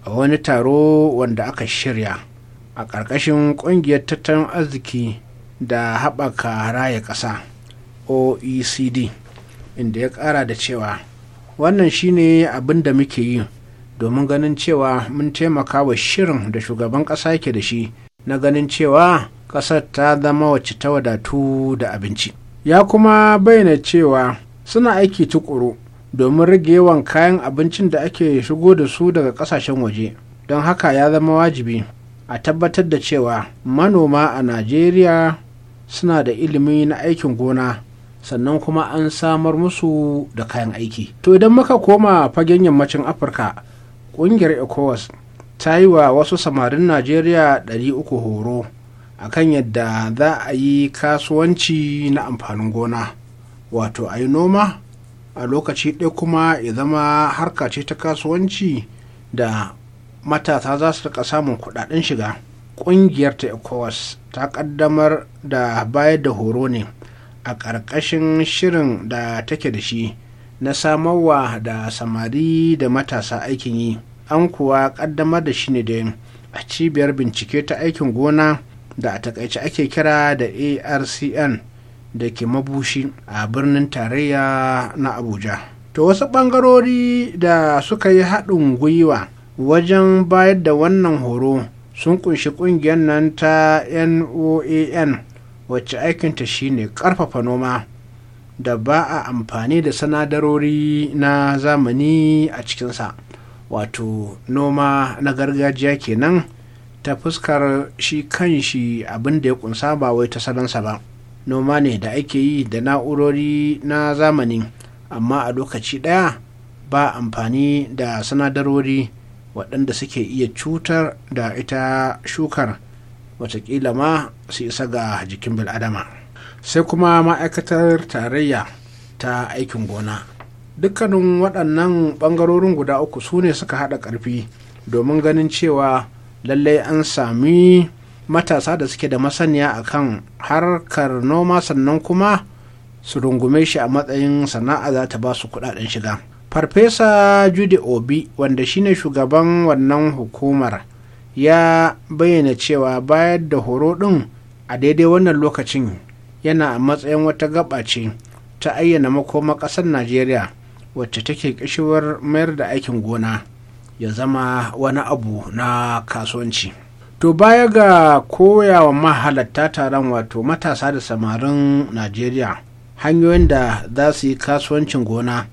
a wani taro wanda aka shirya a ƙarƙashin ƙungiyar tattalin arziki da haɓaka raya ƙasa oecd inda ya ƙara da cewa wannan shine abin da muke yi domin ganin cewa mun taimaka wa shirin da shugaban ƙasa yake da shi na ganin cewa ƙasar ta zama wacce ta wadatu da abinci ya kuma bayyana cewa suna aiki tukuru domin rage yawan kayan abincin da ake shigo da su daga ƙasashen waje don haka ya zama wajibi a tabbatar da cewa manoma a najeriya suna da ilimi na aikin gona sannan kuma an samar musu da kayan aiki to idan muka koma fagen yammacin afirka ƙungiyar ecowas ta yi wa wasu samarin najeriya 300 horo a kan yadda za a yi kasuwanci na amfanin gona wato a yi noma a lokaci ɗaya kuma ya zama harka ce ta kasuwanci da matasa za su rika samun kuɗaɗen shiga ƙungiyar ta ecowas ta ƙaddamar da bayar da horo ne a ƙarƙashin shirin da take da shi na samarwa da samari da matasa aikin yi an kuwa ƙaddamar da shi ne da a cibiyar bincike ta aikin gona da a takaice ake kira da arcn da ke mabushi a birnin tarayya na abuja to wasu ɓangarori da suka yi haɗin gwiwa wajen bayar da wannan horo sun kunshi ƙungiyar nan ta noan wacce aikinta shine ƙarfafa noma da ba a amfani da sanadarori na zamani a cikinsa wato noma na gargajiya kenan ta fuskar shi kan shi abin da ya kunsa ba wai ta salansa ba noma ne da ake yi da na'urori na zamani amma a lokaci ɗaya ba amfani da sanadarori waɗanda suke iya cutar da ita shukar watakila ma su isa ga jikin bil'adama sai kuma ma'aikatar tarayya ta aikin gona dukkanin waɗannan ɓangarorin guda uku su ne suka haɗa ƙarfi domin ganin cewa lallai an sami matasa da suke da masaniya a kan harkar noma sannan kuma su rungume shi a matsayin sana'a za ta ba su kuɗaɗen shiga farfesa jude obi wanda shine shugaban wannan hukumar ya bayyana cewa bayar da horo ɗin a daidai wannan lokacin yana a matsayin wata gaba ce ta ayyana makoma ƙasar najeriya wacce take kashewar mayar da aikin gona ya zama wani abu na kasuwanci to baya ga koyawa mahalatta taron wato matasa da samarin najeriya hanyoyin da za su yi kasuwancin gona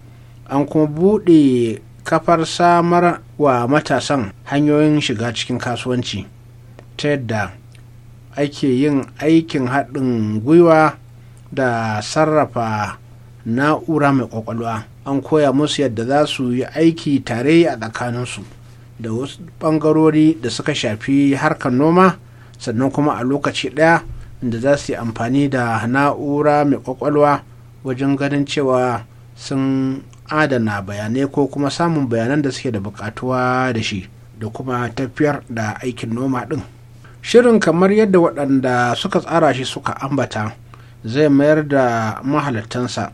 an kuma buɗe kafar samar wa matasan hanyoyin shiga cikin kasuwanci ta yadda ake yin aikin haɗin gwiwa da sarrafa na'ura mai kwakwalwa an koya musu yadda za su yi aiki tare a tsakaninsu da wasu bangarori da suka shafi harkar noma sannan kuma a lokaci ɗaya da za su yi amfani da na'ura mai kwakwalwa wajen ganin cewa sun adana bayanai ko kuma samun bayanan da suke da bukatuwa da shi da kuma tafiyar da aikin noma ɗin shirin kamar yadda waɗanda suka tsara shi suka ambata zai mayar da mahalattansa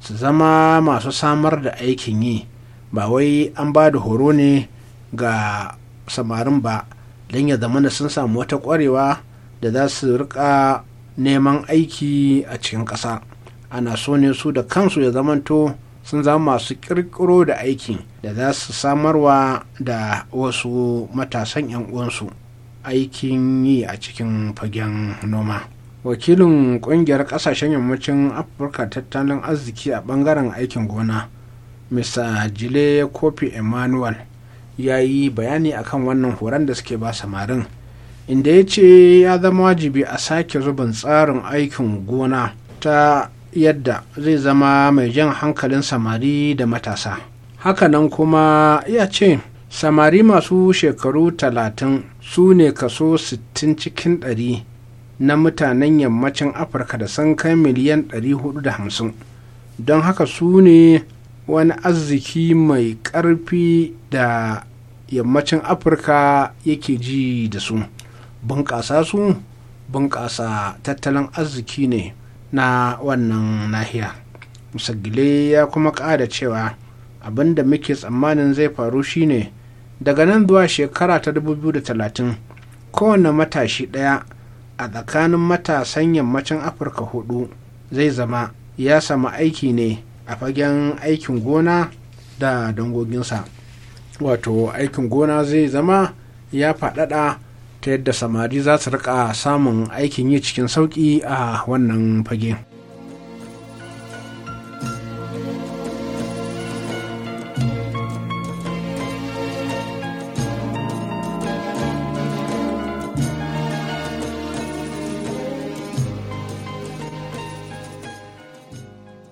su zama masu samar da aikin yi ba wai an ba da horo ne ga samarin ba don ya zama da sun samu wata ƙwarewa da za su rika neman aiki a cikin ƙasa ana so ne su da kansu ya zamanto sun zama masu ƙirƙiro da aikin da za su samarwa da wasu matasan 'yan uwansu aikin yi a cikin fagen noma. wakilin kungiyar kasashen yammacin afirka tattalin arziki a bangaren aikin gona mr jile kofi emmanuel ya yi bayani akan wannan horon da suke ba samarin inda ya ce ya zama wajibi a sake zubin tsarin aikin gona ta yadda zai zama mai jan hankalin samari da matasa hakanan kuma ya ce samari masu shekaru talatin su ne kaso 60 cikin ɗari. na mutanen yammacin afirka da sun kai miliyan 450 don haka su ne wani arziki mai ƙarfi da yammacin afirka yake ji da su bunƙasa su bunƙasa tattalin arziki ne na wannan nahiya musagile ya kuma ƙada cewa abin da muke tsammanin zai faru shine daga nan zuwa shekara ta 2030 kowane matashi ɗaya a tsakanin matasan yammacin afirka hudu zai zama ya sama aiki ne a fagen aikin gona da dangoginsa wato aikin gona zai zama ya faɗaɗa ta yadda samari za su rika samun aikin yi cikin sauƙi a wannan fage.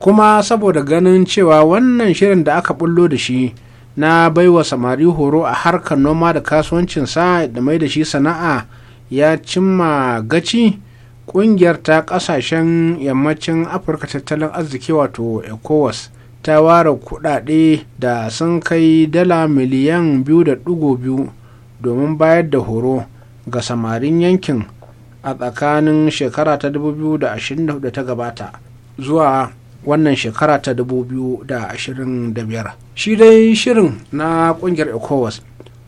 kuma saboda ganin cewa wannan shirin da aka bullo da shi na baiwa samari horo a harkar noma da kasuwancinsa da mai da shi sana'a ya cimma gaci kungiyar ta kasashen yammacin afirka tattalin arziki wato ecowas ta ware kudade da sun kai dala miliyan 2.2 domin bayar da horo ga samarin yankin a tsakanin shekara ta 2024 ta gabata zuwa wannan shekara ta 2025 shi dai shirin na kungiyar ecowas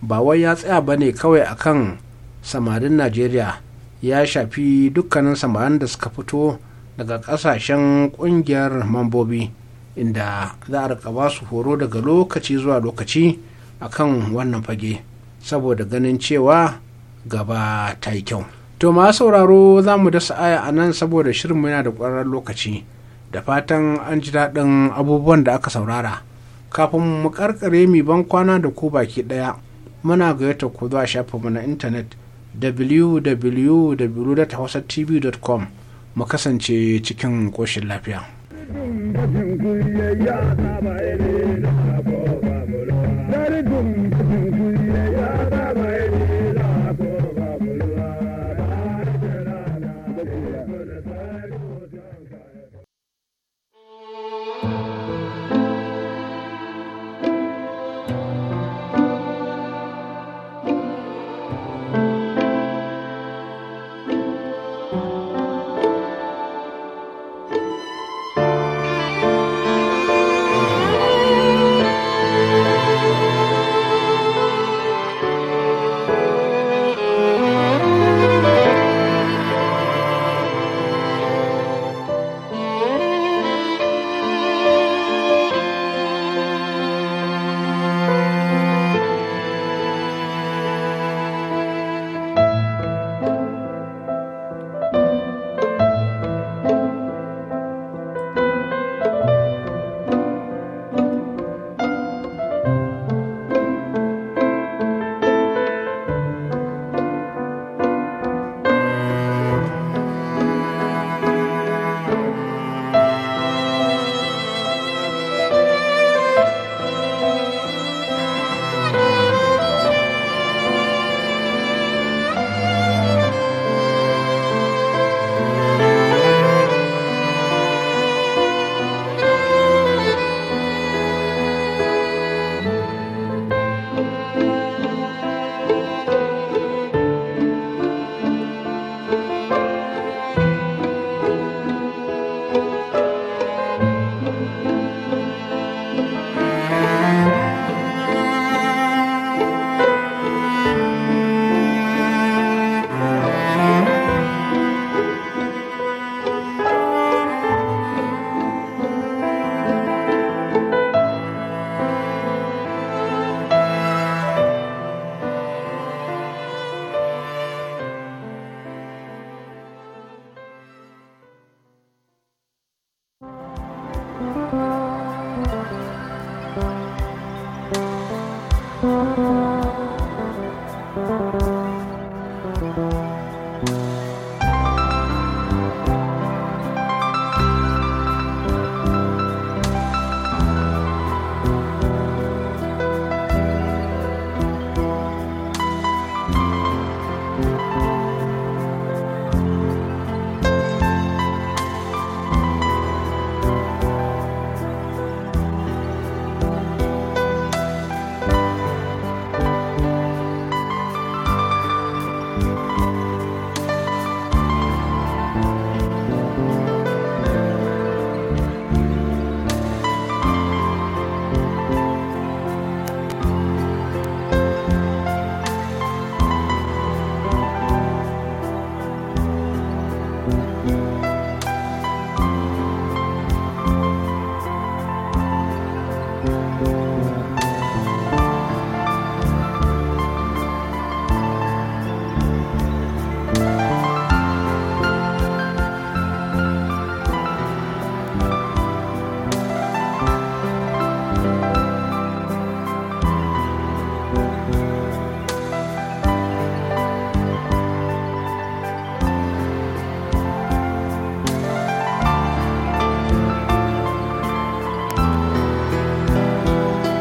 ba wai ya tsaya ba ne kawai akan samarin najeriya ya shafi dukkanin samarin da suka fito daga kasashen kungiyar mambobi inda za a rika ba su horo daga lokaci zuwa lokaci akan wannan fage saboda ganin cewa gaba ta yi kyau to ma sauraro za mu dasa aya a nan saboda shirin muna da ƙwararren lokaci da fatan an ji daɗin abubuwan da aka saurara kafin mu karkare mi ban kwana da ku baki ɗaya muna gayyata ku zuwa shafinmu na intanet www.hausatv.com mu kasance cikin koshin lafiya.